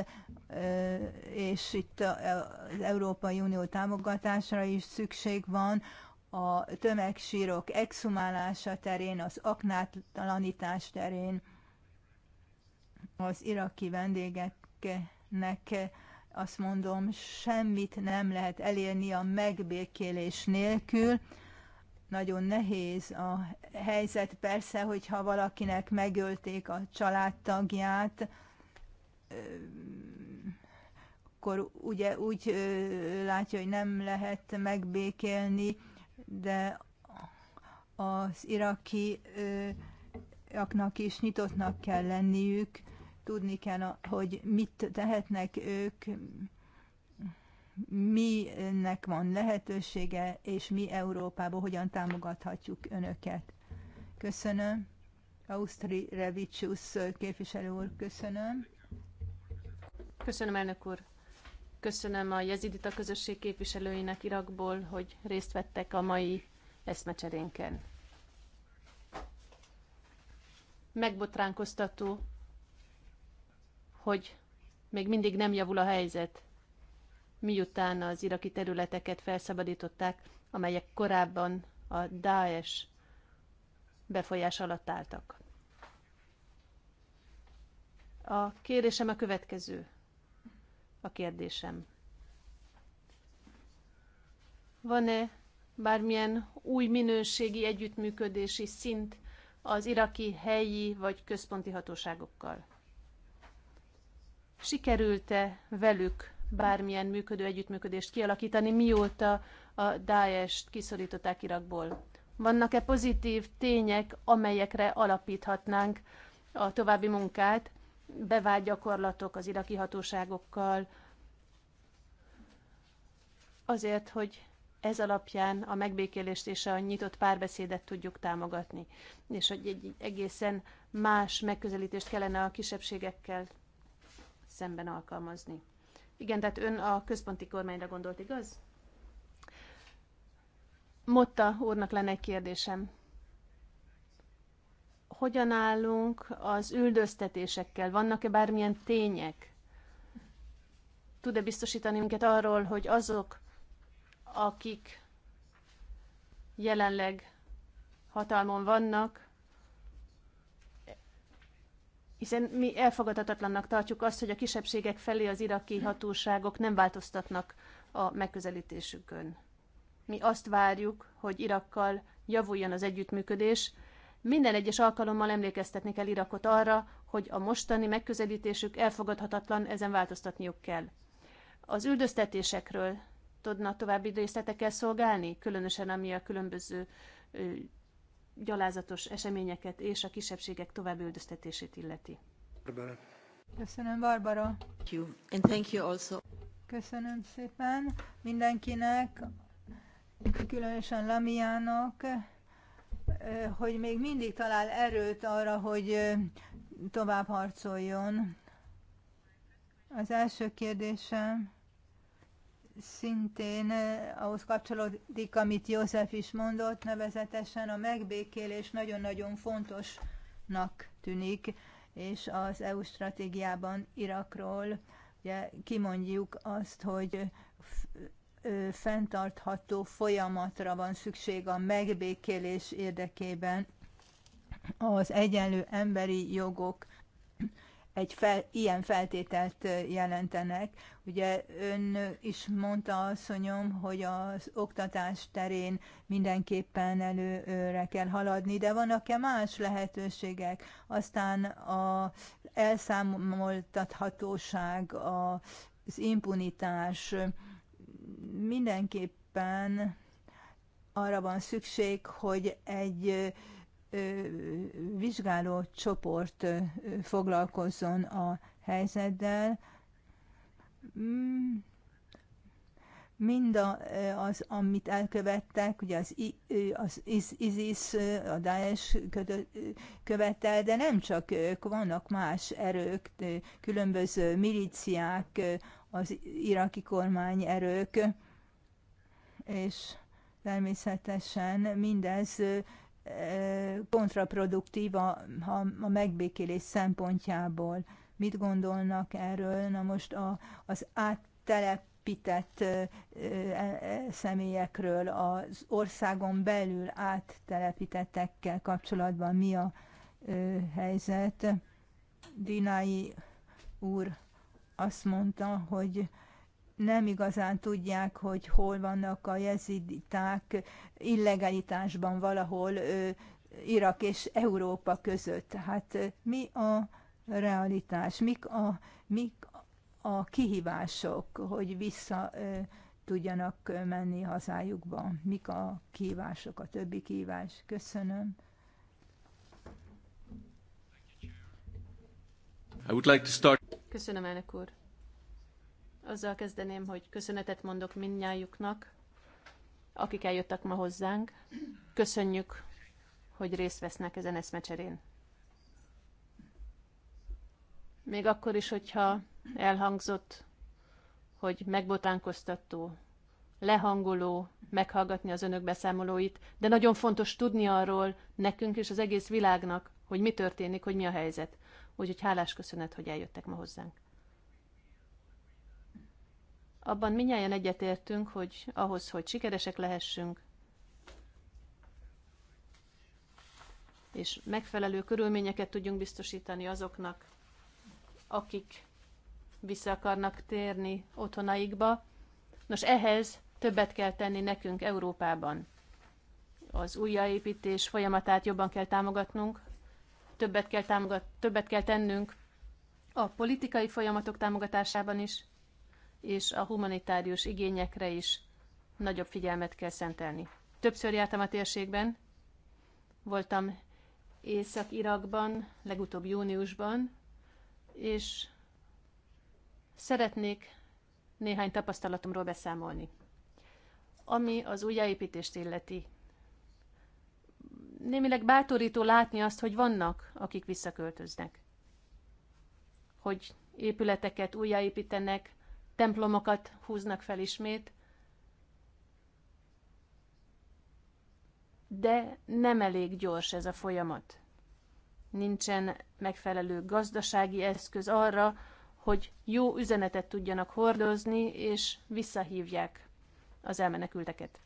és itt az Európai Unió támogatásra is szükség van a tömegsírok exhumálása terén, az aknátlanítás terén, az iraki vendégeknek azt mondom, semmit nem lehet elérni a megbékélés nélkül. Nagyon nehéz a helyzet, persze, hogyha valakinek megölték a családtagját, akkor ugye úgy látja, hogy nem lehet megbékélni, de az irakiaknak is nyitottnak kell lenniük, tudni kell, hogy mit tehetnek ők, minek van lehetősége, és mi Európában hogyan támogathatjuk önöket. Köszönöm. Ausztri Revicius képviselő úr, köszönöm. Köszönöm, elnök úr. Köszönöm a jezidita közösség képviselőinek Irakból, hogy részt vettek a mai eszmecserénken. Megbotránkoztató, hogy még mindig nem javul a helyzet, miután az iraki területeket felszabadították, amelyek korábban a Daesh befolyás alatt álltak. A kérésem a következő a kérdésem. Van-e bármilyen új minőségi együttműködési szint az iraki helyi vagy központi hatóságokkal? Sikerült-e velük bármilyen működő együttműködést kialakítani, mióta a Daesh-t kiszorították Irakból? Vannak-e pozitív tények, amelyekre alapíthatnánk a további munkát, bevált gyakorlatok az iraki hatóságokkal, azért, hogy ez alapján a megbékélést és a nyitott párbeszédet tudjuk támogatni, és hogy egy egészen más megközelítést kellene a kisebbségekkel szemben alkalmazni. Igen, tehát ön a központi kormányra gondolt, igaz? Motta úrnak lenne egy kérdésem hogyan állunk az üldöztetésekkel? Vannak-e bármilyen tények? Tud-e biztosítani minket arról, hogy azok, akik jelenleg hatalmon vannak, hiszen mi elfogadhatatlannak tartjuk azt, hogy a kisebbségek felé az iraki hatóságok nem változtatnak a megközelítésükön. Mi azt várjuk, hogy Irakkal javuljon az együttműködés, minden egyes alkalommal emlékeztetni kell Irakot arra, hogy a mostani megközelítésük elfogadhatatlan, ezen változtatniuk kell. Az üldöztetésekről tudna további részletekkel szolgálni, különösen ami a különböző gyalázatos eseményeket és a kisebbségek további üldöztetését illeti. Köszönöm, Barbara. Thank you. And thank you also. Köszönöm szépen mindenkinek, különösen Lamiának hogy még mindig talál erőt arra, hogy tovább harcoljon. Az első kérdésem szintén ahhoz kapcsolódik, amit József is mondott, nevezetesen a megbékélés nagyon-nagyon fontosnak tűnik, és az EU stratégiában Irakról ugye kimondjuk azt, hogy fenntartható folyamatra van szükség a megbékélés érdekében. Az egyenlő emberi jogok egy fel, ilyen feltételt jelentenek. Ugye ön is mondta, asszonyom, hogy az oktatás terén mindenképpen előre kell haladni, de vannak-e más lehetőségek? Aztán az elszámoltathatóság, az impunitás, mindenképpen arra van szükség, hogy egy vizsgáló csoport foglalkozzon a helyzettel. Mm, mind az, amit elkövettek, ugye az, az ISIS, a Daesh követel, de nem csak ők, vannak más erők, különböző miliciák, az iraki kormány erők, és természetesen mindez kontraproduktív a, a, a megbékélés szempontjából. Mit gondolnak erről? Na most a, az áttelepített e, e, személyekről, az országon belül áttelepítettekkel kapcsolatban mi a helyzet? Dinai úr azt mondta, hogy nem igazán tudják, hogy hol vannak a jeziditák illegalitásban valahol Irak és Európa között. Hát mi a realitás, mik a, mik a kihívások, hogy vissza tudjanak menni hazájukba, mik a kihívások, a többi kihívás. Köszönöm. I would like to start Köszönöm, elnök úr. Azzal kezdeném, hogy köszönetet mondok mindnyájuknak, akik eljöttek ma hozzánk. Köszönjük, hogy részt vesznek ezen eszmecserén. Még akkor is, hogyha elhangzott, hogy megbotánkoztató, lehangoló meghallgatni az önök beszámolóit, de nagyon fontos tudni arról nekünk és az egész világnak, hogy mi történik, hogy mi a helyzet úgyhogy hálás köszönet, hogy eljöttek ma hozzánk. Abban minnyáján egyetértünk, hogy ahhoz, hogy sikeresek lehessünk, és megfelelő körülményeket tudjunk biztosítani azoknak, akik vissza akarnak térni otthonaikba. Nos, ehhez többet kell tenni nekünk Európában. Az újjáépítés folyamatát jobban kell támogatnunk, többet kell, támogat, többet kell tennünk a politikai folyamatok támogatásában is, és a humanitárius igényekre is nagyobb figyelmet kell szentelni. Többször jártam a térségben, voltam Észak-Irakban, legutóbb júniusban, és szeretnék néhány tapasztalatomról beszámolni. Ami az újjáépítést illeti, némileg bátorító látni azt, hogy vannak, akik visszaköltöznek. Hogy épületeket újjáépítenek, templomokat húznak fel ismét, de nem elég gyors ez a folyamat. Nincsen megfelelő gazdasági eszköz arra, hogy jó üzenetet tudjanak hordozni, és visszahívják az elmenekülteket.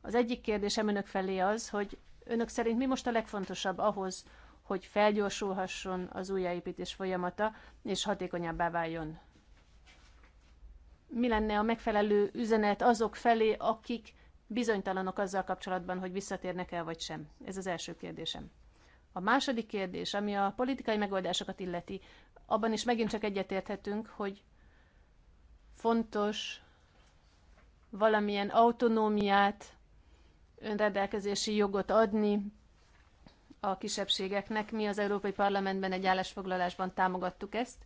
Az egyik kérdésem önök felé az, hogy Önök szerint mi most a legfontosabb ahhoz, hogy felgyorsulhasson az újjáépítés folyamata, és hatékonyabbá váljon? Mi lenne a megfelelő üzenet azok felé, akik bizonytalanok azzal kapcsolatban, hogy visszatérnek el vagy sem? Ez az első kérdésem. A második kérdés, ami a politikai megoldásokat illeti, abban is megint csak egyetérthetünk, hogy fontos valamilyen autonómiát önrendelkezési jogot adni a kisebbségeknek. Mi az Európai Parlamentben egy állásfoglalásban támogattuk ezt,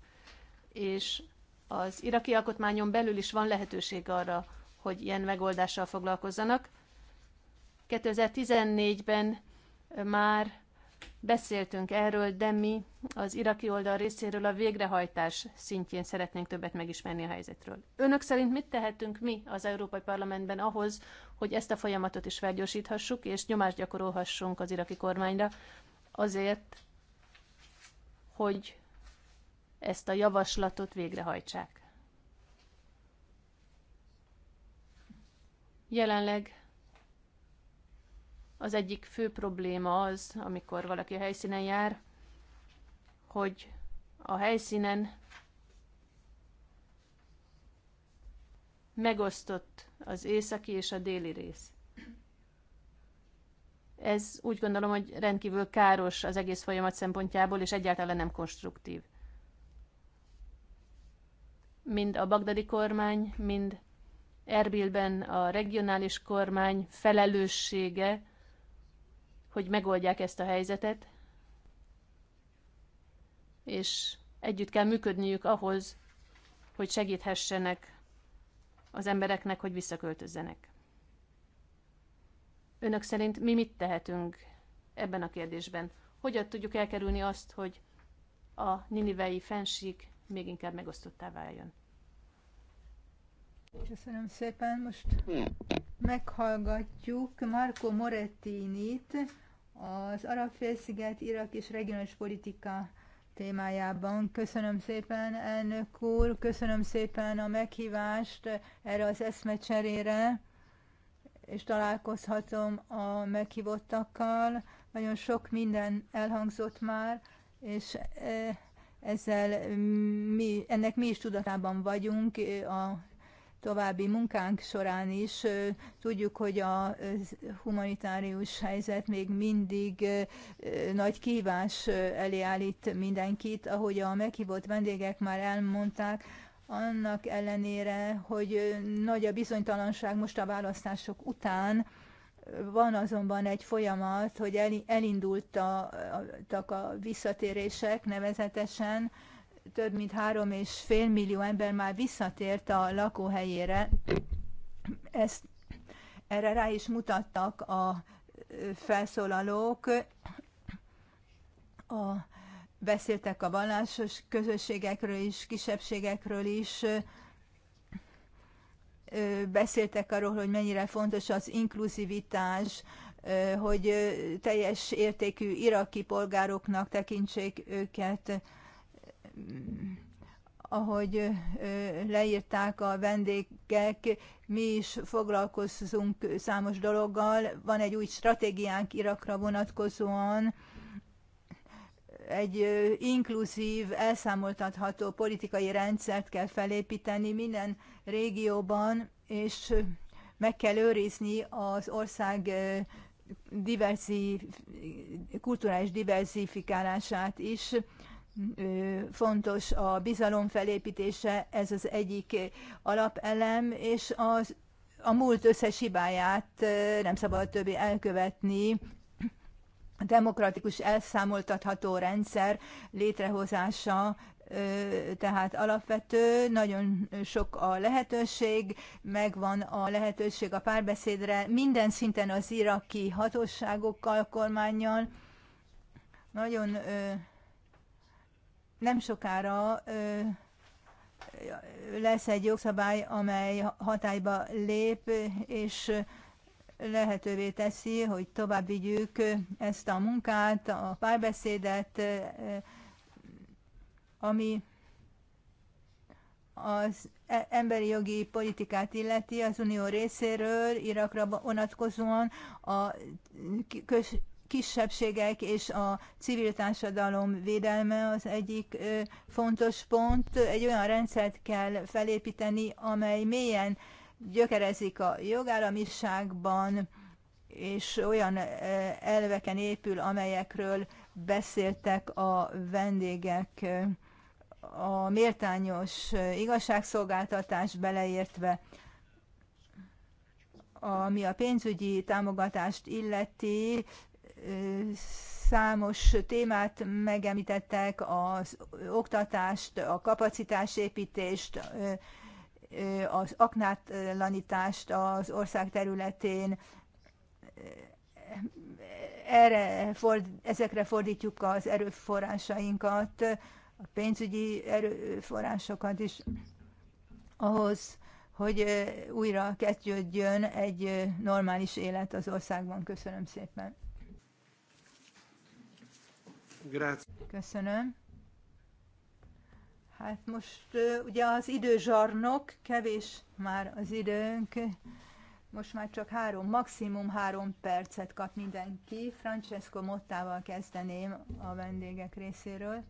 és az iraki alkotmányon belül is van lehetőség arra, hogy ilyen megoldással foglalkozzanak. 2014-ben már Beszéltünk erről, de mi az iraki oldal részéről a végrehajtás szintjén szeretnénk többet megismerni a helyzetről. Önök szerint mit tehetünk mi az Európai Parlamentben ahhoz, hogy ezt a folyamatot is felgyorsíthassuk, és nyomást gyakorolhassunk az iraki kormányra azért, hogy ezt a javaslatot végrehajtsák? Jelenleg az egyik fő probléma az, amikor valaki a helyszínen jár, hogy a helyszínen megosztott az északi és a déli rész. Ez úgy gondolom, hogy rendkívül káros az egész folyamat szempontjából, és egyáltalán nem konstruktív. Mind a bagdadi kormány, mind Erbilben a regionális kormány felelőssége hogy megoldják ezt a helyzetet, és együtt kell működniük ahhoz, hogy segíthessenek az embereknek, hogy visszaköltözzenek. Önök szerint mi mit tehetünk ebben a kérdésben? Hogyan tudjuk elkerülni azt, hogy a ninivei fenség még inkább megosztottá váljon? Köszönöm szépen. Most meghallgatjuk Marco Morettinit, az Arab-félsziget, Irak és regionális politika témájában. Köszönöm szépen, elnök úr, köszönöm szépen a meghívást erre az eszmecserére, és találkozhatom a meghívottakkal. Nagyon sok minden elhangzott már, és eh, ezzel mm, mi, ennek mi is tudatában vagyunk eh, a további munkánk során is. Tudjuk, hogy a humanitárius helyzet még mindig nagy kívás elé állít mindenkit, ahogy a meghívott vendégek már elmondták, annak ellenére, hogy nagy a bizonytalanság most a választások után, van azonban egy folyamat, hogy elindultak a visszatérések nevezetesen, több mint három és fél millió ember már visszatért a lakóhelyére. Ezt erre rá is mutattak a felszólalók, a, beszéltek a vallásos közösségekről is, kisebbségekről is, beszéltek arról, hogy mennyire fontos az inkluzivitás, hogy teljes értékű iraki polgároknak tekintsék őket ahogy leírták a vendégek, mi is foglalkozunk számos dologgal. Van egy új stratégiánk Irakra vonatkozóan, egy inkluzív, elszámoltatható politikai rendszert kell felépíteni minden régióban, és meg kell őrizni az ország diverzi, kulturális diversifikálását is fontos a bizalom felépítése, ez az egyik alapelem, és az, a múlt összes hibáját nem szabad többé elkövetni, a demokratikus elszámoltatható rendszer létrehozása tehát alapvető, nagyon sok a lehetőség, megvan a lehetőség a párbeszédre minden szinten az iraki hatóságokkal, kormányjal. Nagyon nem sokára lesz egy jogszabály, amely hatályba lép, és lehetővé teszi, hogy tovább vigyük ezt a munkát, a párbeszédet, ami az e-, emberi jogi politikát illeti az unió részéről, Irakra vonatkozóan a kisebbségek és a civil társadalom védelme az egyik fontos pont. Egy olyan rendszert kell felépíteni, amely mélyen gyökerezik a jogállamiságban, és olyan elveken épül, amelyekről beszéltek a vendégek a méltányos igazságszolgáltatás beleértve, ami a pénzügyi támogatást illeti, számos témát megemlítettek, az oktatást, a kapacitásépítést, az aknátlanítást az ország területén. Erre ford, ezekre fordítjuk az erőforrásainkat, a pénzügyi erőforrásokat is ahhoz, hogy újra kezdődjön egy normális élet az országban. Köszönöm szépen. Köszönöm. Hát most ugye az időzsarnok, kevés már az időnk, most már csak három, maximum három percet kap mindenki. Francesco Mottával kezdeném a vendégek részéről.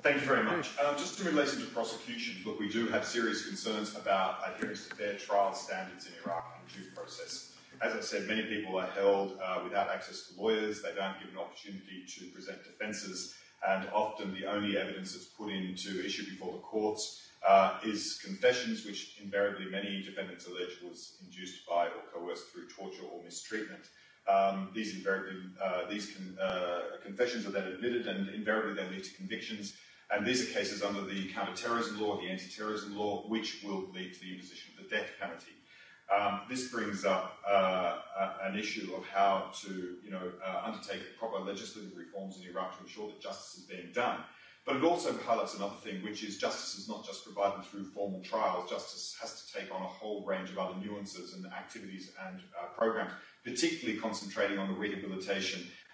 Thank you very much. Um, just in relation to prosecution, look, we do have serious concerns about adherence to fair trial standards in Iraq and due process as I said, many people are held uh, without access to lawyers. They don't give an opportunity to present defences, and often the only evidence that's put into issue before the courts uh, is confessions, which invariably many defendants allege was induced by or coerced through torture or mistreatment. Um, these invariably, uh, these con- uh, confessions are then admitted, and invariably they lead to convictions. And these are cases under the counter-terrorism law, the anti-terrorism law, which will lead to the imposition of the death penalty. Um, this brings up uh, an issue of how to, you know, uh, undertake proper legislative reforms in Iraq to ensure that justice is being done. But it also highlights another thing, which is justice is not just provided through formal trials. Justice has to take on a whole range of other nuances and activities and uh, programs, particularly concentrating on the rehabilitation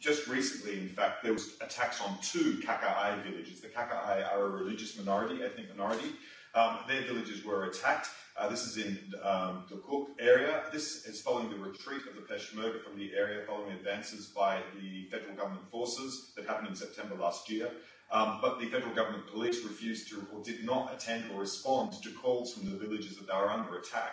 just recently, in fact, there was attacks on two Kaka'ai villages. The Kaka'ai are a religious minority, ethnic minority. Um, their villages were attacked. Uh, this is in um, the Cook area. This is following the retreat of the Peshmerga from the area following advances by the federal government forces that happened in September last year. Um, but the federal government police refused to or did not attend or respond to calls from the villages that they were under attack.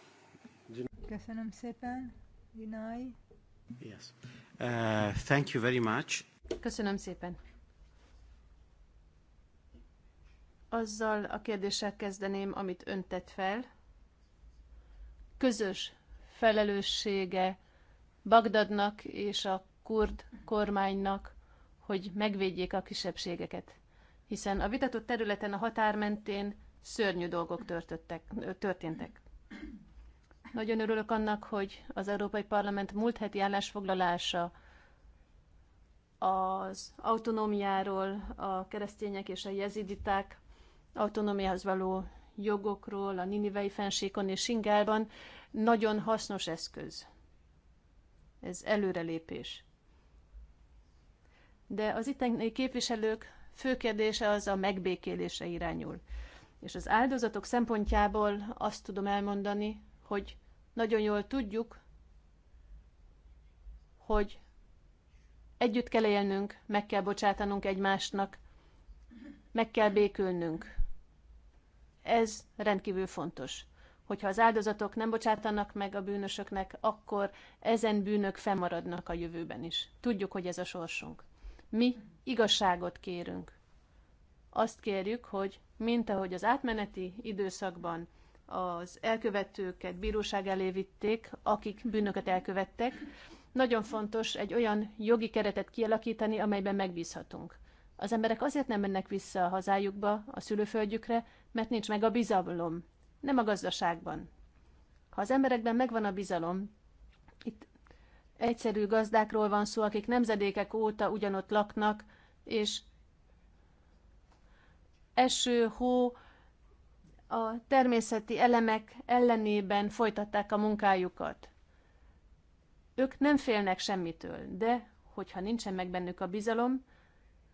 Köszönöm szépen, Vinay. Yes. Uh, thank you very much. Köszönöm szépen. Azzal a kérdéssel kezdeném, amit ön tett fel. Közös felelőssége Bagdadnak és a kurd kormánynak, hogy megvédjék a kisebbségeket. Hiszen a vitatott területen a határ mentén szörnyű dolgok történtek. Nagyon örülök annak, hogy az Európai Parlament múlt heti állásfoglalása az autonómiáról, a keresztények és a jeziditák autonómiához való jogokról, a Ninivei fensékon és Singálban nagyon hasznos eszköz. Ez előrelépés. De az itteni képviselők fő kérdése az a megbékélése irányul. És az áldozatok szempontjából azt tudom elmondani, hogy nagyon jól tudjuk, hogy együtt kell élnünk, meg kell bocsátanunk egymásnak, meg kell békülnünk. Ez rendkívül fontos. Hogyha az áldozatok nem bocsátanak meg a bűnösöknek, akkor ezen bűnök fennmaradnak a jövőben is. Tudjuk, hogy ez a sorsunk. Mi igazságot kérünk. Azt kérjük, hogy mint ahogy az átmeneti időszakban az elkövetőket bíróság elé vitték, akik bűnöket elkövettek. Nagyon fontos egy olyan jogi keretet kialakítani, amelyben megbízhatunk. Az emberek azért nem mennek vissza a hazájukba, a szülőföldjükre, mert nincs meg a bizalom. Nem a gazdaságban. Ha az emberekben megvan a bizalom, itt egyszerű gazdákról van szó, akik nemzedékek óta ugyanott laknak, és eső, hó, a természeti elemek ellenében folytatták a munkájukat. Ők nem félnek semmitől, de hogyha nincsen meg bennük a bizalom,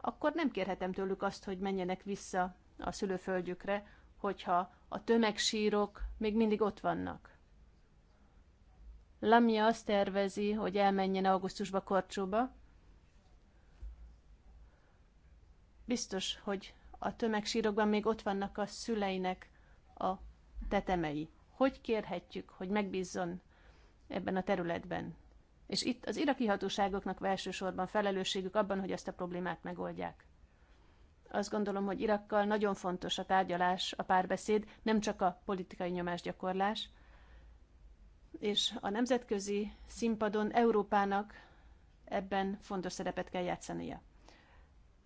akkor nem kérhetem tőlük azt, hogy menjenek vissza a szülőföldjükre, hogyha a tömegsírok még mindig ott vannak. Lamia azt tervezi, hogy elmenjen augusztusba Korcsóba. Biztos, hogy a tömegsírokban még ott vannak a szüleinek a tetemei. Hogy kérhetjük, hogy megbízzon ebben a területben? És itt az iraki hatóságoknak elsősorban felelősségük abban, hogy ezt a problémát megoldják. Azt gondolom, hogy Irakkal nagyon fontos a tárgyalás, a párbeszéd, nem csak a politikai nyomásgyakorlás. És a nemzetközi színpadon Európának ebben fontos szerepet kell játszania.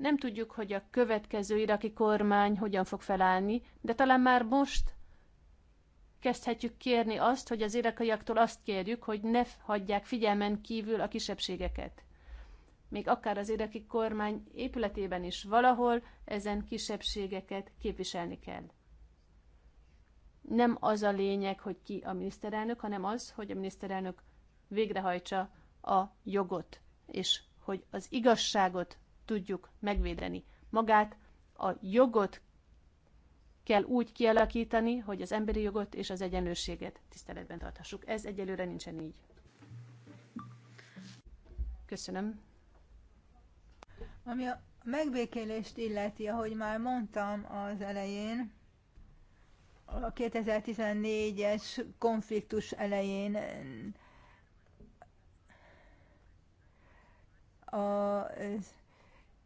Nem tudjuk, hogy a következő iraki kormány hogyan fog felállni, de talán már most kezdhetjük kérni azt, hogy az irakaiaktól azt kérjük, hogy ne hagyják figyelmen kívül a kisebbségeket. Még akár az iraki kormány épületében is valahol ezen kisebbségeket képviselni kell. Nem az a lényeg, hogy ki a miniszterelnök, hanem az, hogy a miniszterelnök végrehajtsa a jogot, és hogy az igazságot tudjuk megvédeni magát. A jogot kell úgy kialakítani, hogy az emberi jogot és az egyenlőséget tiszteletben tarthassuk. Ez egyelőre nincsen így. Köszönöm. Ami a megbékélést illeti, ahogy már mondtam az elején, a 2014-es konfliktus elején a,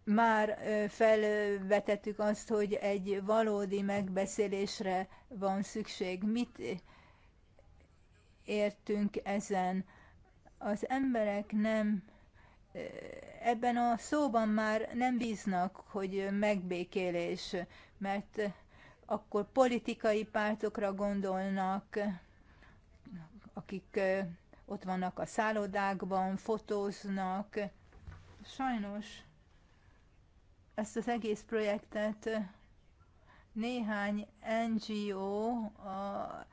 már felvetettük azt, hogy egy valódi megbeszélésre van szükség. Mit értünk ezen? Az emberek nem ebben a szóban már nem bíznak, hogy megbékélés, mert akkor politikai pártokra gondolnak, akik ott vannak a szállodákban, fotóznak. Sajnos ezt az egész projektet néhány NGO a,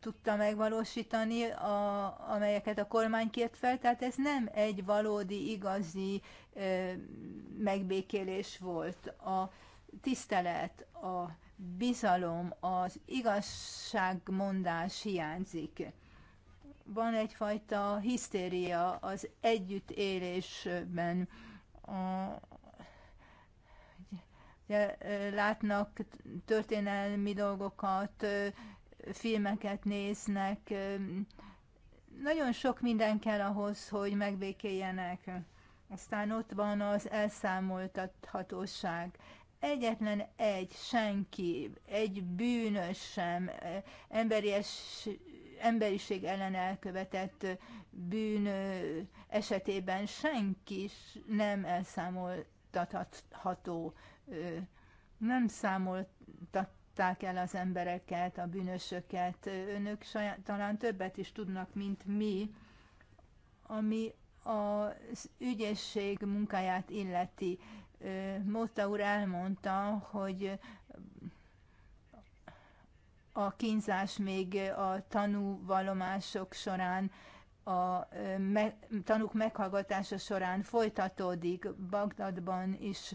tudta megvalósítani, a, amelyeket a kormány kért fel, tehát ez nem egy valódi, igazi ö, megbékélés volt. A tisztelet, a bizalom, az igazságmondás hiányzik. Van egyfajta hisztéria az együttélésben, a, látnak történelmi dolgokat, filmeket néznek. Nagyon sok minden kell ahhoz, hogy megbékéljenek. Aztán ott van az elszámoltathatóság. Egyetlen egy, senki, egy bűnös sem, emberies, emberiség ellen elkövetett bűn esetében senki nem elszámoltatható nem számoltatták el az embereket, a bűnösöket. Önök saját, talán többet is tudnak, mint mi, ami az ügyesség munkáját illeti. Móta úr elmondta, hogy a kínzás még a tanúvallomások során, a me, tanúk meghallgatása során folytatódik. Bagdadban is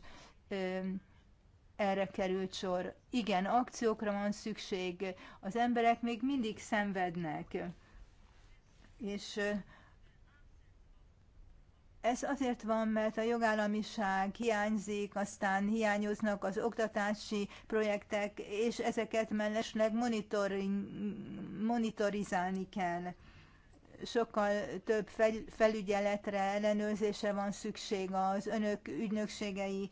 erre került sor. Igen, akciókra van szükség. Az emberek még mindig szenvednek. És ez azért van, mert a jogállamiság hiányzik, aztán hiányoznak az oktatási projektek, és ezeket mellesleg monitorizálni kell. Sokkal több felügyeletre, ellenőrzése van szükség az önök ügynökségei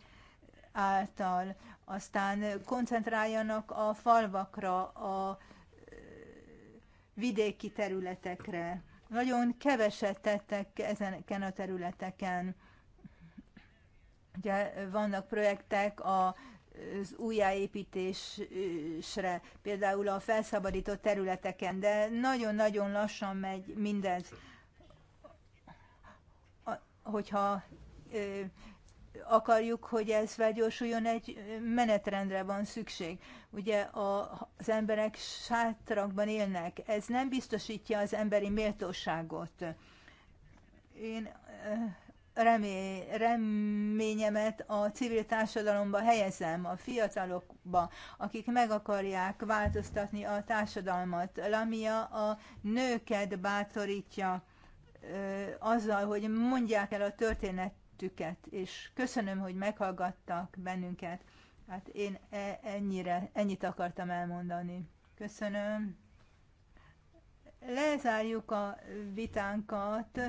által, aztán koncentráljanak a falvakra, a vidéki területekre. Nagyon keveset tettek ezeken a területeken. Ugye vannak projektek a az újjáépítésre, például a felszabadított területeken, de nagyon-nagyon lassan megy mindez. Hogyha akarjuk, hogy ez felgyorsuljon, egy menetrendre van szükség. Ugye a, az emberek sátrakban élnek, ez nem biztosítja az emberi méltóságot. Én eh, remény, reményemet a civil társadalomba helyezem, a fiatalokba, akik meg akarják változtatni a társadalmat. Lamia a nőket bátorítja eh, azzal, hogy mondják el a történet szakértőket, és köszönöm, hogy meghallgattak bennünket. Hát én e, ennyire, ennyit akartam elmondani. Köszönöm. Lezárjuk a vitánkat,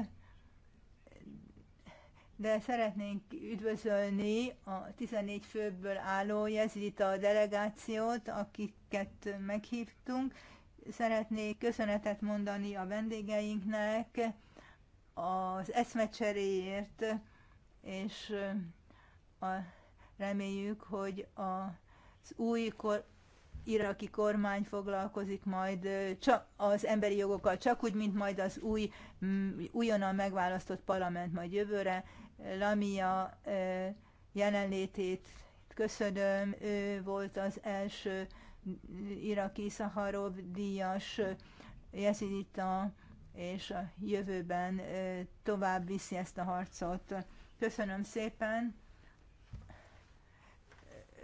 de szeretnénk üdvözölni a 14 főből álló jezita delegációt, akiket meghívtunk. Szeretnék köszönetet mondani a vendégeinknek az eszmecseréért, és a, reméljük, hogy a, az új kor, iraki kormány foglalkozik majd csak az emberi jogokkal, csak úgy, mint majd az új, újonnan megválasztott parlament majd jövőre. Lamia jelenlétét köszönöm, ő volt az első iraki Szaharov díjas jezidita, és a jövőben tovább viszi ezt a harcot. Köszönöm szépen.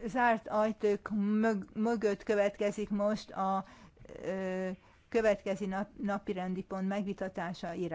Zárt ajtók mög- mögött következik most a ö, következő nap- napirendi pont megvitatása irány.